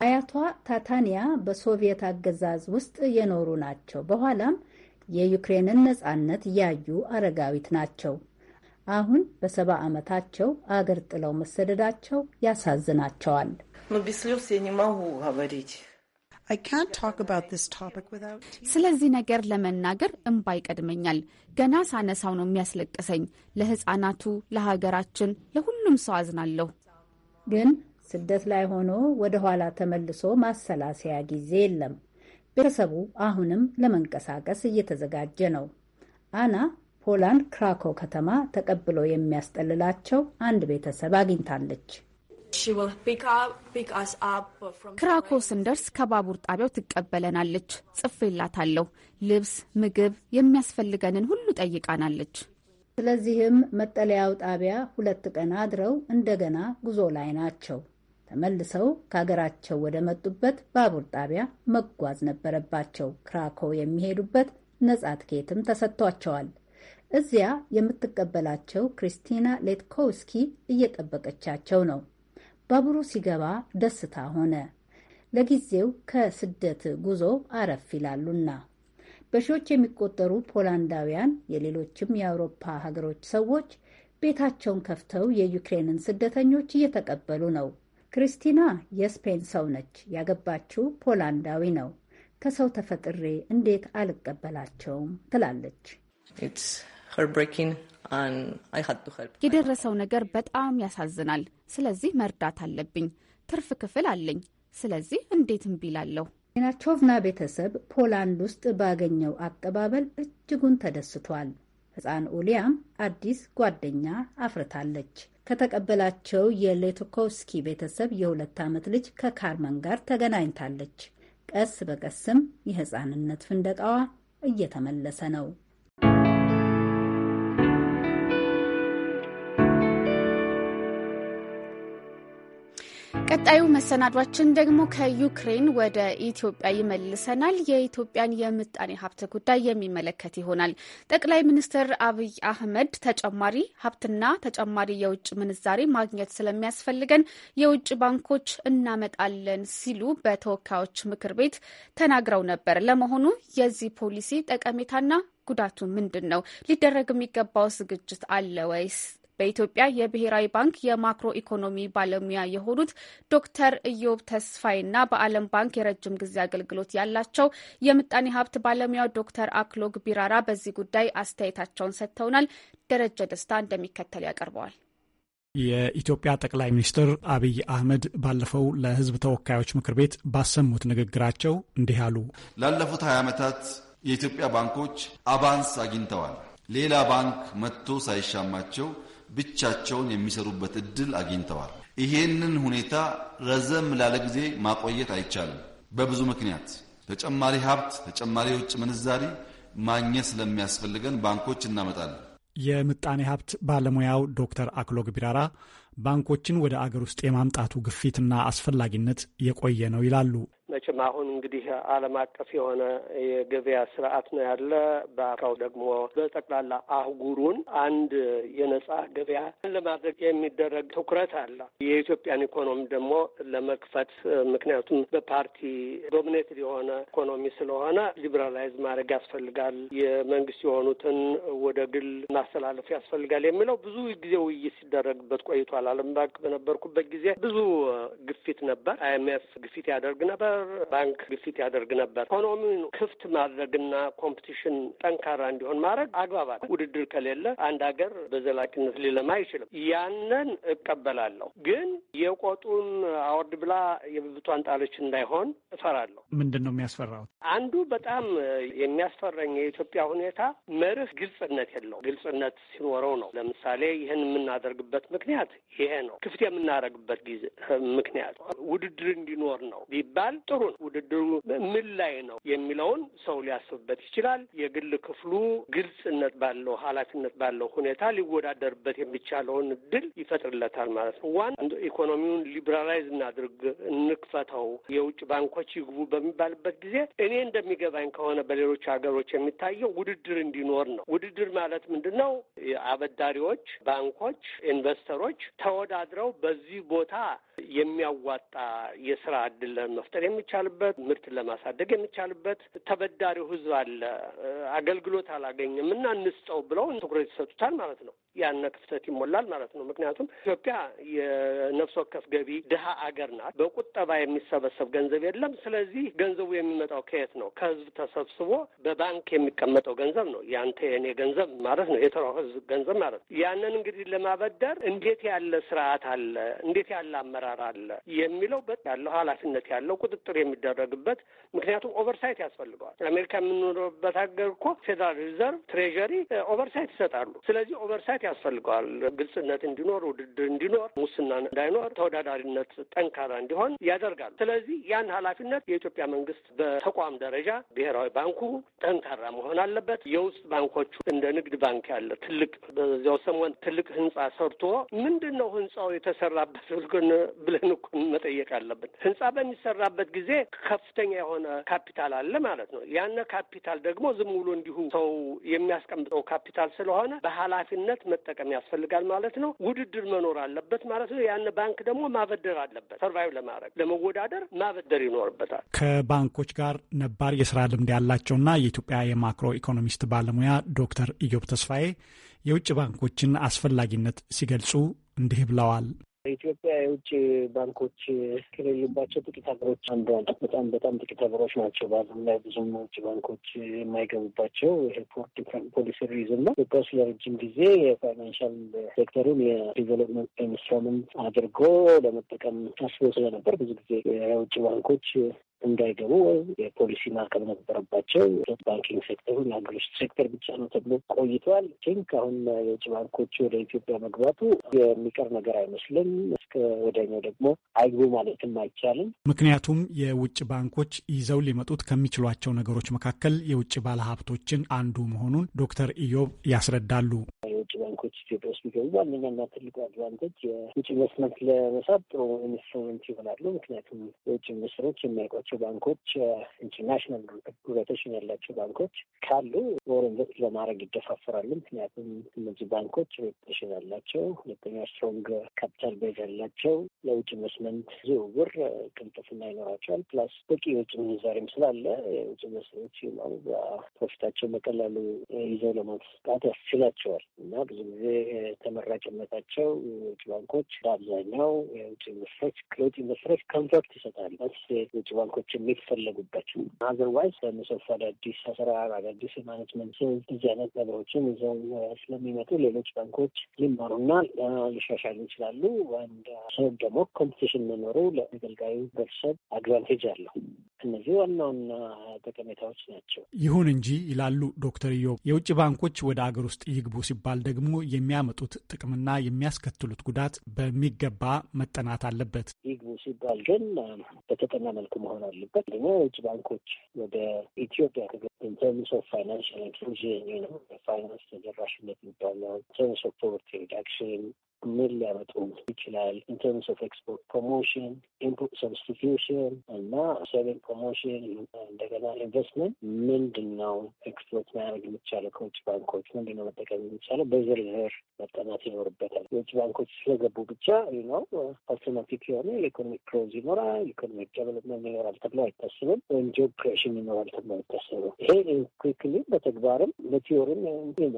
አያቷ ታታኒያ በሶቪየት አገዛዝ ውስጥ የኖሩ ናቸው። በኋላም የዩክሬንን ነጻነት ያዩ አረጋዊት ናቸው። አሁን በሰባ ዓመታቸው አገር ጥለው መሰደዳቸው ያሳዝናቸዋል። Но без слез я не могу говорить. ስለዚህ ነገር ለመናገር እንባ ይቀድመኛል። ገና ሳነሳው ነው የሚያስለቅሰኝ። ለሕፃናቱ፣ ለሀገራችን፣ ለሁሉም ሰው አዝናለሁ። ግን ስደት ላይ ሆኖ ወደ ኋላ ተመልሶ ማሰላሰያ ጊዜ የለም። ቤተሰቡ አሁንም ለመንቀሳቀስ እየተዘጋጀ ነው። አና ፖላንድ ክራኮ ከተማ ተቀብሎ የሚያስጠልላቸው አንድ ቤተሰብ አግኝታለች። Uh, ክራኮ ስንደርስ ከባቡር ጣቢያው ትቀበለናለች። ጽፌላታለሁ። ልብስ፣ ምግብ፣ የሚያስፈልገንን ሁሉ ጠይቃናለች። ስለዚህም መጠለያው ጣቢያ ሁለት ቀን አድረው እንደገና ጉዞ ላይ ናቸው። ተመልሰው ከሀገራቸው ወደ መጡበት ባቡር ጣቢያ መጓዝ ነበረባቸው። ክራኮ የሚሄዱበት ነጻ ትኬትም ተሰጥቷቸዋል። እዚያ የምትቀበላቸው ክሪስቲና ሌትኮውስኪ እየጠበቀቻቸው ነው። ባቡሩ ሲገባ ደስታ ሆነ። ለጊዜው ከስደት ጉዞ አረፍ ይላሉና በሺዎች የሚቆጠሩ ፖላንዳውያን፣ የሌሎችም የአውሮፓ ሀገሮች ሰዎች ቤታቸውን ከፍተው የዩክሬንን ስደተኞች እየተቀበሉ ነው። ክሪስቲና የስፔን ሰው ነች። ያገባችው ፖላንዳዊ ነው። ከሰው ተፈጥሬ እንዴት አልቀበላቸውም ትላለች። የደረሰው ነገር በጣም ያሳዝናል። ስለዚህ መርዳት አለብኝ። ትርፍ ክፍል አለኝ። ስለዚህ እንዴት እምቢ እላለሁ? ቤተሰብ ፖላንድ ውስጥ ባገኘው አቀባበል እጅጉን ተደስቷል። ሕፃን ኡሊያም አዲስ ጓደኛ አፍርታለች። ከተቀበላቸው የሌቶኮቭስኪ ቤተሰብ የሁለት ዓመት ልጅ ከካርመን ጋር ተገናኝታለች። ቀስ በቀስም የሕፃንነት ፍንደቃዋ እየተመለሰ ነው። ቀጣዩ መሰናዷችን ደግሞ ከዩክሬን ወደ ኢትዮጵያ ይመልሰናል። የኢትዮጵያን የምጣኔ ሀብት ጉዳይ የሚመለከት ይሆናል። ጠቅላይ ሚኒስትር አብይ አህመድ ተጨማሪ ሀብትና ተጨማሪ የውጭ ምንዛሬ ማግኘት ስለሚያስፈልገን የውጭ ባንኮች እናመጣለን ሲሉ በተወካዮች ምክር ቤት ተናግረው ነበር። ለመሆኑ የዚህ ፖሊሲ ጠቀሜታና ጉዳቱ ምንድን ነው? ሊደረግ የሚገባው ዝግጅት አለ ወይስ በኢትዮጵያ የብሔራዊ ባንክ የማክሮ ኢኮኖሚ ባለሙያ የሆኑት ዶክተር ኢዮብ ተስፋይና በዓለም ባንክ የረጅም ጊዜ አገልግሎት ያላቸው የምጣኔ ሀብት ባለሙያው ዶክተር አክሎግ ቢራራ በዚህ ጉዳይ አስተያየታቸውን ሰጥተውናል። ደረጀ ደስታ እንደሚከተል ያቀርበዋል። የኢትዮጵያ ጠቅላይ ሚኒስትር አብይ አህመድ ባለፈው ለሕዝብ ተወካዮች ምክር ቤት ባሰሙት ንግግራቸው እንዲህ አሉ። ላለፉት 20 ዓመታት የኢትዮጵያ ባንኮች አቫንስ አግኝተዋል። ሌላ ባንክ መጥቶ ሳይሻማቸው ብቻቸውን የሚሰሩበት እድል አግኝተዋል። ይሄንን ሁኔታ ረዘም ላለ ጊዜ ማቆየት አይቻልም። በብዙ ምክንያት ተጨማሪ ሀብት፣ ተጨማሪ የውጭ ምንዛሪ ማግኘት ስለሚያስፈልገን ባንኮች እናመጣለን። የምጣኔ ሀብት ባለሙያው ዶክተር አክሎግ ቢራራ ባንኮችን ወደ አገር ውስጥ የማምጣቱ ግፊትና አስፈላጊነት የቆየ ነው ይላሉ። መቼም አሁን እንግዲህ ዓለም አቀፍ የሆነ የገበያ ስርዓት ነው ያለ። በአካው ደግሞ በጠቅላላ አህጉሩን አንድ የነጻ ገበያ ለማድረግ የሚደረግ ትኩረት አለ። የኢትዮጵያን ኢኮኖሚ ደግሞ ለመክፈት ምክንያቱም በፓርቲ ዶሚኔትድ የሆነ ኢኮኖሚ ስለሆነ ሊብራላይዝ ማድረግ ያስፈልጋል፣ የመንግስት የሆኑትን ወደ ግል ማስተላለፍ ያስፈልጋል የሚለው ብዙ ጊዜ ውይይት ሲደረግበት ቆይቷል። ዓለም ባንክ በነበርኩበት ጊዜ ብዙ ግፊት ነበር። አይኤምኤፍ ግፊት ያደርግ ነበር። ባንክ ግፊት ያደርግ ነበር። ኢኮኖሚውን ክፍት ማድረግና ኮምፒቲሽን ጠንካራ እንዲሆን ማድረግ አግባባት። ውድድር ከሌለ አንድ ሀገር በዘላቂነት ሊለማ አይችልም። ያንን እቀበላለሁ። ግን የቆጡን አወርድ ብላ የብብቷን ጣለች እንዳይሆን እፈራለሁ። ምንድን ነው የሚያስፈራው? አንዱ በጣም የሚያስፈራኝ የኢትዮጵያ ሁኔታ መርህ ግልጽነት የለው። ግልጽነት ሲኖረው ነው። ለምሳሌ ይህን የምናደርግበት ምክንያት ይሄ ነው፣ ክፍት የምናደርግበት ጊዜ ምክንያት ውድድር እንዲኖር ነው ቢባል ጥሩ ነው። ውድድሩ ምን ላይ ነው የሚለውን ሰው ሊያስብበት ይችላል። የግል ክፍሉ ግልጽነት ባለው ኃላፊነት ባለው ሁኔታ ሊወዳደርበት የሚቻለውን እድል ይፈጥርለታል ማለት ነው። ዋን ኢኮኖሚውን ሊብራላይዝ እናድርግ፣ እንክፈተው፣ የውጭ ባንኮች ይግቡ በሚባልበት ጊዜ እኔ እንደሚገባኝ ከሆነ በሌሎች ሀገሮች የሚታየው ውድድር እንዲኖር ነው። ውድድር ማለት ምንድን ነው? አበዳሪዎች፣ ባንኮች፣ ኢንቨስተሮች ተወዳድረው በዚህ ቦታ የሚያዋጣ የስራ እድል ለመፍጠር የሚ የሚቻልበት ምርት ለማሳደግ የሚቻልበት ተበዳሪው ህዝብ አለ፣ አገልግሎት አላገኘም እና እንስጠው ብለው ትኩረት ይሰጡታል ማለት ነው። ያነ ክፍተት ይሞላል ማለት ነው። ምክንያቱም ኢትዮጵያ የነፍስ ወከፍ ገቢ ድሀ አገር ናት። በቁጠባ የሚሰበሰብ ገንዘብ የለም። ስለዚህ ገንዘቡ የሚመጣው ከየት ነው? ከህዝብ ተሰብስቦ በባንክ የሚቀመጠው ገንዘብ ነው። ያንተ የኔ ገንዘብ ማለት ነው፣ የተራው ህዝብ ገንዘብ ማለት ነው። ያንን እንግዲህ ለማበደር እንዴት ያለ ስርዓት አለ፣ እንዴት ያለ አመራር አለ የሚለው ያለው ኃላፊነት ያለው ቁጥጥር ቁጥጥር የሚደረግበት ምክንያቱም ኦቨርሳይት ያስፈልገዋል። አሜሪካ የምንኖርበት ሀገር እኮ ፌዴራል ሪዘርቭ፣ ትሬዥሪ ኦቨርሳይት ይሰጣሉ። ስለዚህ ኦቨርሳይት ያስፈልገዋል። ግልጽነት እንዲኖር፣ ውድድር እንዲኖር፣ ሙስና እንዳይኖር፣ ተወዳዳሪነት ጠንካራ እንዲሆን ያደርጋሉ። ስለዚህ ያን ኃላፊነት የኢትዮጵያ መንግስት በተቋም ደረጃ ብሔራዊ ባንኩ ጠንካራ መሆን አለበት። የውስጥ ባንኮቹ እንደ ንግድ ባንክ ያለ ትልቅ በዚያው ሰሞን ትልቅ ህንጻ ሰርቶ ምንድን ነው ህንጻው የተሰራበት ብለን እኮ መጠየቅ አለብን። ህንጻ በሚሰራበት ጊዜ ጊዜ ከፍተኛ የሆነ ካፒታል አለ ማለት ነው። ያነ ካፒታል ደግሞ ዝም ብሎ እንዲሁ ሰው የሚያስቀምጠው ካፒታል ስለሆነ በኃላፊነት መጠቀም ያስፈልጋል ማለት ነው። ውድድር መኖር አለበት ማለት ነው። ያነ ባንክ ደግሞ ማበደር አለበት። ሰርቫይቭ ለማድረግ ለመወዳደር ማበደር ይኖርበታል። ከባንኮች ጋር ነባር የስራ ልምድ ያላቸውና የኢትዮጵያ የማክሮ ኢኮኖሚስት ባለሙያ ዶክተር ኢዮብ ተስፋዬ የውጭ ባንኮችን አስፈላጊነት ሲገልጹ እንዲህ ብለዋል። ኢትዮጵያ የውጭ ባንኮች ከሌሉባቸው ጥቂት ሀገሮች አንዷ ናት። በጣም በጣም ጥቂት ሀገሮች ናቸው በዓለም ላይ ብዙም የውጭ ባንኮች የማይገቡባቸው ሪፖርት ፖሊሲ ሪዝን ነው። ኢትዮጵያ ውስጥ ለረጅም ጊዜ የፋይናንሻል ሴክተሩን የዲቨሎፕመንት ኢንስትሩመንት አድርጎ ለመጠቀም ታስቦ ስለነበር ብዙ ጊዜ የውጭ ባንኮች እንዳይገቡ የፖሊሲ ማዕቀብ ነበረባቸው። ባንኪንግ ሴክተሩ የሀገሮች ሴክተር ብቻ ነው ተብሎ ቆይተዋል። ቲንክ አሁን የውጭ ባንኮች ወደ ኢትዮጵያ መግባቱ የሚቀር ነገር አይመስልም። እስከ ወዲያኛው ደግሞ አይግቡ ማለትም አይቻልም። ምክንያቱም የውጭ ባንኮች ይዘው ሊመጡት ከሚችሏቸው ነገሮች መካከል የውጭ ባለሀብቶችን አንዱ መሆኑን ዶክተር ኢዮብ ያስረዳሉ። የውጭ ባንኮች ኢትዮጵያ ውስጥ ቢገቡ ዋነኛና ትልቁ አድቫንቴጅ የውጭ ኢንቨስትመንት ለመሳብ ጥሩ ኢንስትሩመንት ይሆናሉ። ምክንያቱም የውጭ ኢንቨስተሮች የሚያውቋቸው ያላቸው ባንኮች ኢንተርናሽናል ሬቴሽን ያላቸው ባንኮች ካሉ ወር ኢንቨስት ለማድረግ ይደፋፈራሉ። ምክንያቱም እነዚህ ባንኮች ሬቴሽን አላቸው፣ ሁለተኛ ስትሮንግ ካፒታል ቤዝ ያላቸው፣ ለውጭ ኢንቨስትመንት ዝውውር ቅልጥፍና ይኖራቸዋል። ፕላስ በቂ የውጭ ምንዛሬም ስላለ የውጭ ኢንቨስትመንት ሲኖሩ በፕሮፊታቸው በቀላሉ ይዘው ለማንቀሳቀስ ያስችላቸዋል እና ብዙ ጊዜ ተመራጭነታቸው የውጭ ባንኮች በአብዛኛው የውጭ ኢንቨስተሮች ለውጭ ኢንቨስተሮች ኮንትራክት ይሰጣሉ የውጭ ባንኮች ቴክኒኮች የሚፈለጉበት አዘርዋይስ ለመሰፍ አዲስ አሰራር አዳዲስ የማኔጅመንት እዚህ አይነት ነገሮችን ይዘው ስለሚመጡ ሌሎች ባንኮች ሊማሩና ሊሻሻሉ ይችላሉ። አንድ uh, ሰው ደግሞ ኮምፒቲሽን መኖሩ ለአገልጋዩ ቤተሰብ አድቫንቴጅ አለው። እነዚህ ዋና ዋና ጠቀሜታዎች ናቸው። ይሁን እንጂ ይላሉ ዶክተር ዮ የውጭ ባንኮች ወደ አገር ውስጥ ይግቡ ሲባል ደግሞ የሚያመጡት ጥቅምና የሚያስከትሉት ጉዳት በሚገባ መጠናት አለበት። ይግቡ ሲባል ግን በተጠና መልኩ መሆን አለበት። ደግሞ የውጭ ባንኮች ወደ ኢትዮጵያ ኢንተርምስ ኦፍ ፋይናንሽል ኢንክሉዥን ፋይናንስ ተደራሽነት የሚባለው ኢንተርምስ ኦፍ ፖቨርቲ ሪዳክሽን ምን ሊያመጡ ይችላል ኢንተርምስ ኦፍ ኤክስፖርት ፕሮሞሽን፣ ኢምፖርት ሰብስቲቱሽን እና ሴቪንግ ፕሮሞሽን እንደገና ኢንቨስትመንት ምንድን ነው ኤክስፖርት ማድረግ የሚቻለው ከውጭ ባንኮች ምንድን ነው መጠቀም የሚቻለው በዝርዝር መጠናት ይኖርበታል። የውጭ ባንኮች ስለገቡ ብቻ ነው አውቶማቲክ የሆነ የኢኮኖሚክ ክሮዝ ይኖራል፣ ኢኮኖሚክ ዴቨሎፕመንት ይኖራል ተብሎ አይታስብም፣ ወይም ጆብ ክሬሽን ይኖራል ተብሎ አይታስብም። ይሄ ኩክሊ በተግባርም በቲዮሪም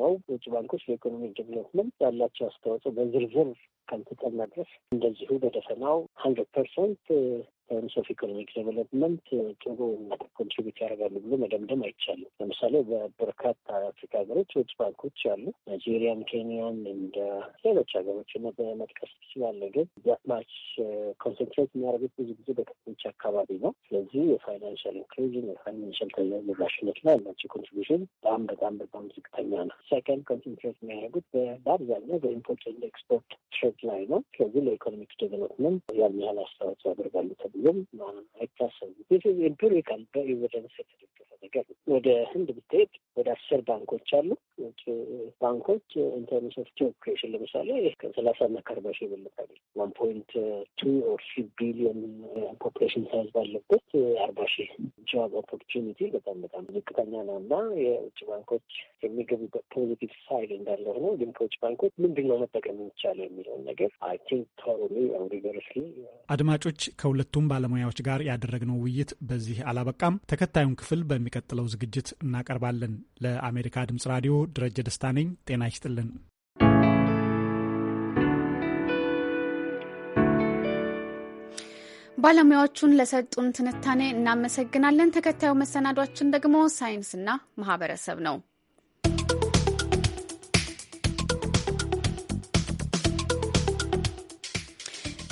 ነው ውጭ ባንኮች ለኢኮኖሚክ ዴቨሎፕመንት ያላቸው አስተዋጽኦ በዝርዝር ዞር ከምትጠና ድረስ እንደዚሁ በደፈናው ሀንድረድ ፐርሰንት ሰርቪስ ኦፍ ኢኮኖሚክ ዴቨሎፕመንት ጥሩ ኮንትሪቢዩት ያደርጋሉ ብሎ መደምደም አይቻልም። ለምሳሌ በበርካታ አፍሪካ ሀገሮች ውጭ ባንኮች አሉ። ናይጄሪያም፣ ኬንያም እንደ ሌሎች ሀገሮች በመጥቀስ ትችላለ። ግን ማች ኮንሰንትሬት uh, የሚያደርጉት ብዙ ጊዜ በከተሞች አካባቢ ነው። ስለዚህ የፋይናንሽል ኢንክሉዥን የፋይናንሽል ተደራሽነት ላይ ያላቸው ኮንትሪቢሽን በጣም በጣም በጣም ዝቅተኛ ነው። ሰከንድ ኮንሰንትሬት የሚያደርጉት በአብዛኛው በኢምፖርት ኤክስፖርት ትሬድ ላይ ነው። ስለዚህ ለኢኮኖሚክ ዴቨሎፕመንት ያን ያህል አስተዋጽኦ ያደርጋሉ ተብሎ ተብሎም አይታሰብም። ይህ ኤምፒሪካል በኤቪደንስ የተደገፈ ነገር ነው። ወደ ህንድ ብትሄድ ወደ አስር ባንኮች አሉ። ባንኮች ኢንተርኔት ኦፍ ጆብ ክሬሽን ለምሳሌ ከሰላሳ እና ከአርባ ሺህ የበለጠ ዋን ፖይንት ቱ ኦር ሺ ቢሊዮን ፖፕሌሽን ሳይዝ ባለበት አርባ ሺህ ጆብ ኦፖርቹኒቲ በጣም በጣም ዝቅተኛ ነው እና የውጭ ባንኮች የሚገቡበት ፖዚቲቭ ሳይድ እንዳለ ሆኖ ግን ከውጭ ባንኮች ምንድን ነው መጠቀም የሚቻለው የሚለውን ነገር አይ ቲንክ ቶሮሊ ሪቨርስሊ አድማጮች ከሁለቱም ባለሙያዎች ጋር ያደረግነው ውይይት በዚህ አላበቃም። ተከታዩን ክፍል በሚቀጥለው ዝግጅት እናቀርባለን። ለአሜሪካ ድምጽ ራዲዮ ደረጀ ደስታ ነኝ። ጤና ይስጥልን። ባለሙያዎቹን ለሰጡን ትንታኔ እናመሰግናለን። ተከታዩ መሰናዷችን ደግሞ ሳይንስና ማህበረሰብ ነው።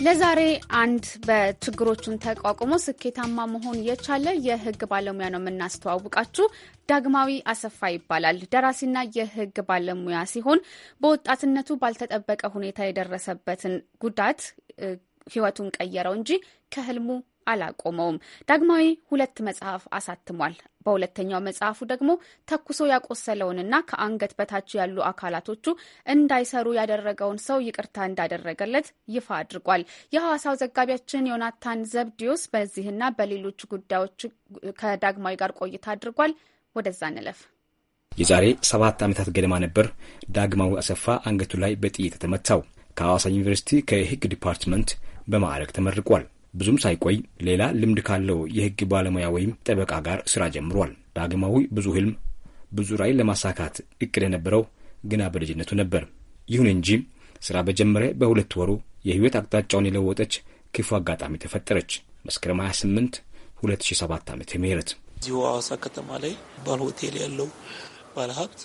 ለዛሬ አንድ በችግሮቹን ተቋቁሞ ስኬታማ መሆን የቻለ የህግ ባለሙያ ነው የምናስተዋውቃችሁ። ዳግማዊ አሰፋ ይባላል። ደራሲና የህግ ባለሙያ ሲሆን በወጣትነቱ ባልተጠበቀ ሁኔታ የደረሰበትን ጉዳት ህይወቱን ቀየረው እንጂ ከህልሙ አላቆመውም። ዳግማዊ ሁለት መጽሐፍ አሳትሟል። በሁለተኛው መጽሐፉ ደግሞ ተኩሶ ያቆሰለውንና ከአንገት በታች ያሉ አካላቶቹ እንዳይሰሩ ያደረገውን ሰው ይቅርታ እንዳደረገለት ይፋ አድርጓል። የሐዋሳው ዘጋቢያችን ዮናታን ዘብዲዮስ በዚህና በሌሎች ጉዳዮች ከዳግማዊ ጋር ቆይታ አድርጓል። ወደዛ እንለፍ። የዛሬ ሰባት ዓመታት ገደማ ነበር ዳግማዊ አሰፋ አንገቱ ላይ በጥይት የተመታው። ከሐዋሳ ዩኒቨርሲቲ ከሕግ ዲፓርትመንት በማዕረግ ተመርቋል። ብዙም ሳይቆይ ሌላ ልምድ ካለው የህግ ባለሙያ ወይም ጠበቃ ጋር ስራ ጀምሯል። ዳግማዊ ብዙ ህልም፣ ብዙ ራዕይ ለማሳካት እቅድ የነበረው ግና በልጅነቱ ነበር። ይሁን እንጂ ስራ በጀመረ በሁለት ወሩ የህይወት አቅጣጫውን የለወጠች ክፉ አጋጣሚ ተፈጠረች። መስከረም 28 2007 ዓ ም እዚሁ ሐዋሳ ከተማ ላይ ባል ሆቴል ያለው ባለሀብት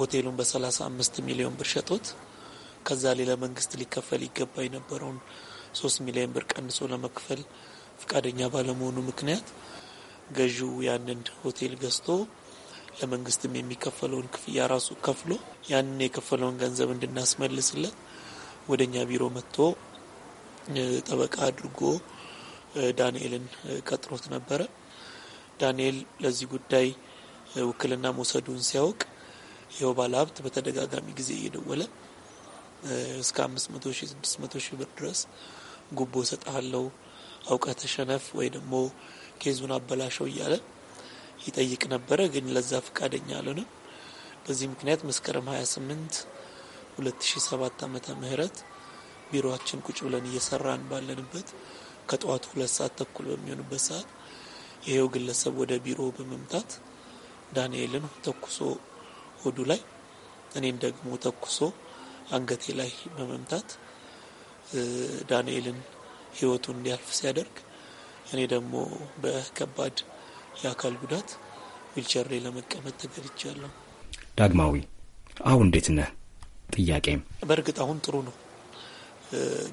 ሆቴሉን በ35 ሚሊዮን ብር ሸጦት ከዛ ሌላ መንግስት ሊከፈል ይገባ የነበረውን ሶስት ሚሊዮን ብር ቀንሶ ለመክፈል ፈቃደኛ ባለመሆኑ ምክንያት ገዢው ያንን ሆቴል ገዝቶ ለመንግስትም የሚከፈለውን ክፍያ ራሱ ከፍሎ ያንን የከፈለውን ገንዘብ እንድናስመልስለት ወደ እኛ ቢሮ መጥቶ ጠበቃ አድርጎ ዳንኤልን ቀጥሮት ነበረ። ዳንኤል ለዚህ ጉዳይ ውክልና መውሰዱን ሲያውቅ ይኸው ባለ ሀብት በተደጋጋሚ ጊዜ እየደወለ እስከ አምስት መቶ ሺህ ስድስት መቶ ሺህ ብር ድረስ ጉቦ ሰጣለው አውቀህ ተሸነፍ ወይ ደግሞ ኬዙን አበላሸው እያለ ይጠይቅ ነበረ። ግን ለዛ ፈቃደኛ አልሆነም። በዚህ ምክንያት መስከረም 28 2007 ዓመተ ምህረት ቢሮአችን ቁጭ ብለን እየሰራን ባለንበት ከጠዋቱ ሁለት ሰዓት ተኩል በሚሆንበት ሰዓት ይሄው ግለሰብ ወደ ቢሮ በመምታት ዳንኤልን ተኩሶ ሆዱ ላይ እኔን ደግሞ ተኩሶ አንገቴ ላይ በመምታት ዳንኤልን ህይወቱን እንዲያልፍ ሲያደርግ እኔ ደግሞ በከባድ የአካል ጉዳት ዊልቸር ላይ ለመቀመጥ ተገድጃለሁ። ዳግማዊ አሁን እንዴት ነህ? ጥያቄም በእርግጥ አሁን ጥሩ ነው።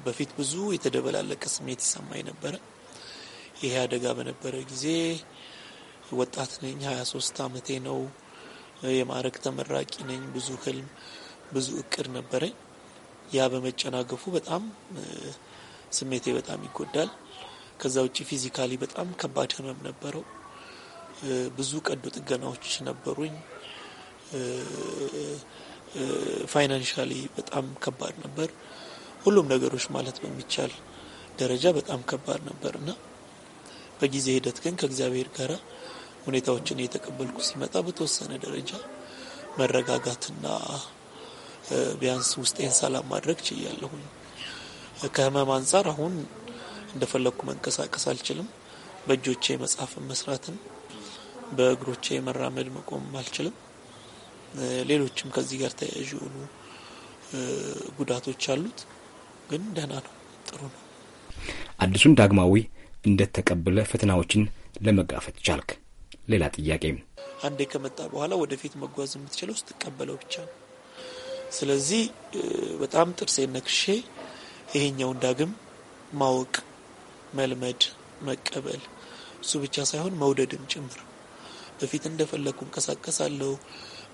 በፊት ብዙ የተደበላለቀ ስሜት ይሰማኝ ነበረ። ይሄ አደጋ በነበረ ጊዜ ወጣት ነኝ፣ ሶስት አመቴ ነው። የማዕረግ ተመራቂ ነኝ። ብዙ ህልም፣ ብዙ እቅድ ነበረኝ። ያ በመጨናገፉ በጣም ስሜቴ በጣም ይጎዳል። ከዛ ውጭ ፊዚካሊ በጣም ከባድ ህመም ነበረው። ብዙ ቀዶ ጥገናዎች ነበሩኝ። ፋይናንሻሊ በጣም ከባድ ነበር። ሁሉም ነገሮች ማለት በሚቻል ደረጃ በጣም ከባድ ነበር እና በጊዜ ሂደት ግን ከእግዚአብሔር ጋር ሁኔታዎችን እየተቀበልኩ ሲመጣ በተወሰነ ደረጃ መረጋጋትና ቢያንስ ውስጤን ሰላም ማድረግ ችያለሁኝ። ከህመም አንጻር አሁን እንደፈለግኩ መንቀሳቀስ አልችልም። በእጆቼ መጻፍ መስራትን፣ በእግሮቼ መራመድ መቆም አልችልም። ሌሎችም ከዚህ ጋር ተያያዥ የሆኑ ጉዳቶች አሉት። ግን ደህና ነው፣ ጥሩ ነው። አዲሱን ዳግማዊ እንደተቀበለ ተቀብለ ፈተናዎችን ለመጋፈት ቻልክ? ሌላ ጥያቄ። አንዴ ከመጣ በኋላ ወደፊት መጓዝ የምትችለው ስትቀበለው ብቻ ነው። ስለዚህ በጣም ጥርሴን ነክሼ ይሄኛውን ዳግም ማወቅ፣ መልመድ፣ መቀበል እሱ ብቻ ሳይሆን መውደድም ጭምር። በፊት እንደፈለግኩ እንቀሳቀሳለሁ፣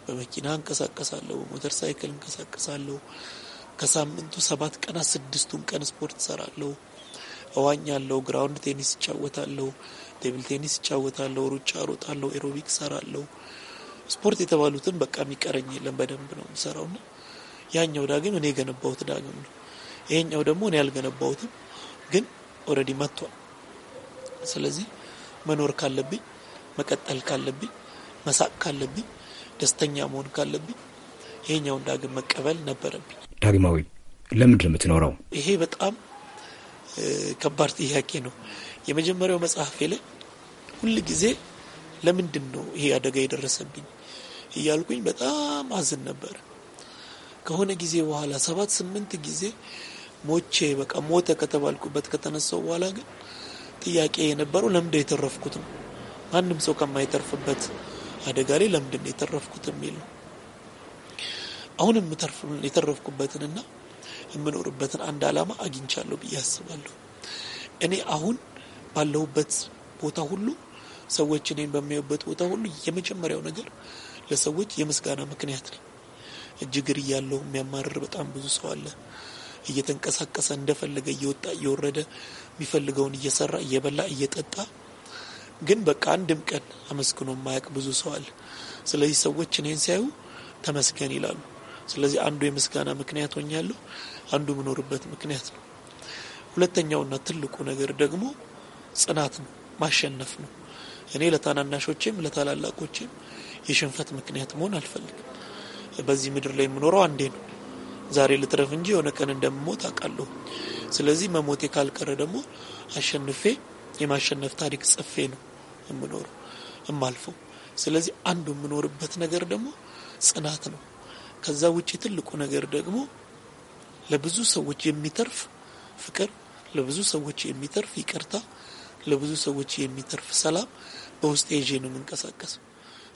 በመኪና እንቀሳቀሳለሁ፣ በሞተር ሳይክል እንቀሳቀሳለሁ። ከሳምንቱ ሰባት ቀናት ስድስቱን ቀን ስፖርት እሰራለሁ፣ እዋኛለሁ፣ ግራውንድ ቴኒስ እጫወታለሁ፣ ቴብል ቴኒስ እጫወታለሁ፣ ሩጫ እሮጣለሁ፣ ኤሮቢክ እሰራለሁ። ስፖርት የተባሉትን በቃ የሚቀረኝ የለም፣ በደንብ ነው የምሰራውና ያኛው ዳግም እኔ የገነባሁት ዳግም ነው። ይሄኛው ደግሞ እኔ ያልገነባሁትም ግን ኦልሬዲ መጥቷል። ስለዚህ መኖር ካለብኝ፣ መቀጠል ካለብኝ፣ መሳቅ ካለብኝ፣ ደስተኛ መሆን ካለብኝ ይሄኛውን ዳግም መቀበል ነበረብኝ። ዳግማዊ ለምንድን ነው የምትኖረው? ይሄ በጣም ከባድ ጥያቄ ነው። የመጀመሪያው መጽሐፌ ላይ ሁል ጊዜ ለምንድን ነው ይሄ አደጋ የደረሰብኝ እያልኩኝ በጣም አዝን ነበር። ከሆነ ጊዜ በኋላ ሰባት ስምንት ጊዜ ሞቼ በቃ ሞተ ከተባልኩበት ከተነሳው በኋላ ግን ጥያቄ የነበረው ለምደ የተረፍኩት ነው። ማንም ሰው ከማይተርፍበት አደጋ ላይ ለምንድን የተረፍኩት የሚል ነው። አሁንም የተረፍኩበትንና የምኖርበትን አንድ አላማ አግኝቻለሁ ብዬ አስባለሁ። እኔ አሁን ባለሁበት ቦታ ሁሉ ሰዎች እኔን በሚያዩበት ቦታ ሁሉ የመጀመሪያው ነገር ለሰዎች የምስጋና ምክንያት ነው። እጅግር እያለው የሚያማርር በጣም ብዙ ሰው አለ። እየተንቀሳቀሰ እንደፈለገ እየወጣ እየወረደ የሚፈልገውን እየሰራ እየበላ እየጠጣ ግን በቃ አንድም ቀን አመስግኖ ማያቅ ብዙ ሰው አለ። ስለዚህ ሰዎች እኔን ሲያዩ ተመስገን ይላሉ። ስለዚህ አንዱ የምስጋና ምክንያት ሆኛለሁ። አንዱ የምኖርበት ምክንያት ነው። ሁለተኛውና ትልቁ ነገር ደግሞ ጽናት ነው፣ ማሸነፍ ነው። እኔ ለታናናሾቼም ለታላላቆቼም የሽንፈት ምክንያት መሆን አልፈልግም። በዚህ ምድር ላይ የምኖረው አንዴ ነው። ዛሬ ልትረፍ እንጂ የሆነ ቀን እንደምሞት አውቃለሁ። ስለዚህ መሞቴ ካልቀረ ደግሞ አሸንፌ የማሸነፍ ታሪክ ጽፌ ነው የምኖረው የማልፈው። ስለዚህ አንዱ የምኖርበት ነገር ደግሞ ጽናት ነው። ከዛ ውጭ ትልቁ ነገር ደግሞ ለብዙ ሰዎች የሚተርፍ ፍቅር፣ ለብዙ ሰዎች የሚተርፍ ይቅርታ፣ ለብዙ ሰዎች የሚተርፍ ሰላም በውስጤ ይዤ ነው የምንቀሳቀሰው።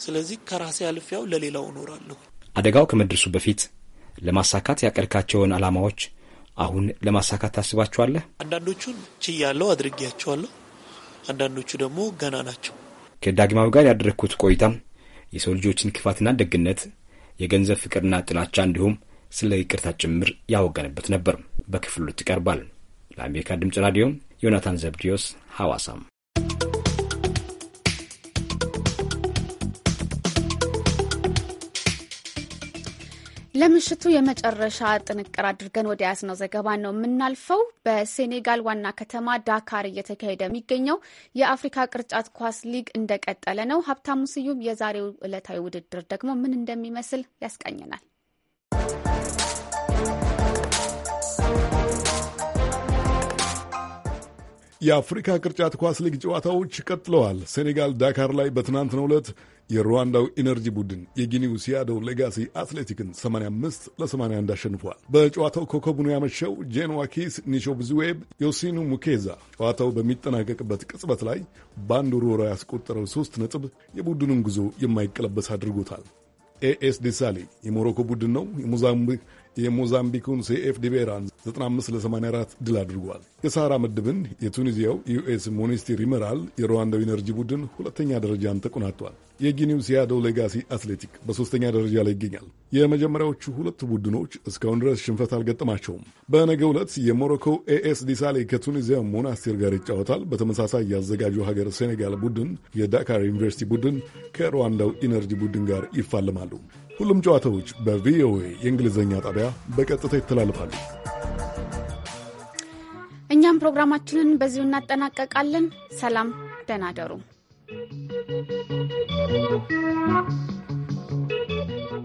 ስለዚህ ከራሴ አልፌያው ለሌላው እኖራለሁ። አደጋው ከመድረሱ በፊት ለማሳካት ያቀድካቸውን ዓላማዎች አሁን ለማሳካት ታስባቸዋለህ? አንዳንዶቹን ችያለሁ፣ አድርጌያቸዋለሁ። አንዳንዶቹ ደግሞ ገና ናቸው። ከዳግማዊ ጋር ያደረግኩት ቆይታ የሰው ልጆችን ክፋትና ደግነት፣ የገንዘብ ፍቅርና ጥላቻ እንዲሁም ስለ ይቅርታ ጭምር ያወገንበት ነበር። በክፍሉ ይቀርባል። ለአሜሪካ ድምፅ ራዲዮ ዮናታን ዘብዲዮስ ሐዋሳም ለምሽቱ የመጨረሻ ጥንቅር አድርገን ወደ ያዝነው ዘገባ ነው የምናልፈው። በሴኔጋል ዋና ከተማ ዳካር እየተካሄደ የሚገኘው የአፍሪካ ቅርጫት ኳስ ሊግ እንደቀጠለ ነው። ሀብታሙ ስዩም የዛሬው ዕለታዊ ውድድር ደግሞ ምን እንደሚመስል ያስቃኘናል። የአፍሪካ ቅርጫት ኳስ ሊግ ጨዋታዎች ቀጥለዋል። ሴኔጋል ዳካር ላይ በትናንትናው ዕለት የሩዋንዳው ኢነርጂ ቡድን የጊኒው ሲያዶ ሌጋሲ አትሌቲክን 85 ለ81 አሸንፏል። በጨዋታው ኮከቡን ያመሸው ጄን ዋኪስ ኒሾብዝዌብ ዮሲኑ ሙኬዛ ጨዋታው በሚጠናቀቅበት ቅጽበት ላይ በአንድ ሮሮ ያስቆጠረው ሦስት ነጥብ የቡድኑን ጉዞ የማይቀለበስ አድርጎታል። ኤኤስ ዴሳሌ የሞሮኮ ቡድን ነው። የሞዛምቢኩን ሴኤፍ ዲቤራን 95 ለ84 ድል አድርጓል። የሳራ ምድብን የቱኒዚያው ዩኤስ ሞኒስቲር ይመራል። የሩዋንዳው ኢነርጂ ቡድን ሁለተኛ ደረጃን ተቆናቷል። የጊኒው ሲያዶ ሌጋሲ አትሌቲክ በሦስተኛ ደረጃ ላይ ይገኛል። የመጀመሪያዎቹ ሁለቱ ቡድኖች እስካሁን ድረስ ሽንፈት አልገጠማቸውም። በነገ ዕለት የሞሮኮ ኤኤስ ዲሳሌ ከቱኒዚያ ሞናስቴር ጋር ይጫወታል። በተመሳሳይ ያዘጋጁ ሀገር ሴኔጋል ቡድን የዳካር ዩኒቨርሲቲ ቡድን ከሩዋንዳው ኢነርጂ ቡድን ጋር ይፋለማሉ። ሁሉም ጨዋታዎች በቪኦኤ የእንግሊዝኛ ጣቢያ በቀጥታ ይተላልፋሉ። እኛም ፕሮግራማችንን በዚሁ እናጠናቀቃለን። ሰላም፣ ደህና ደሩ።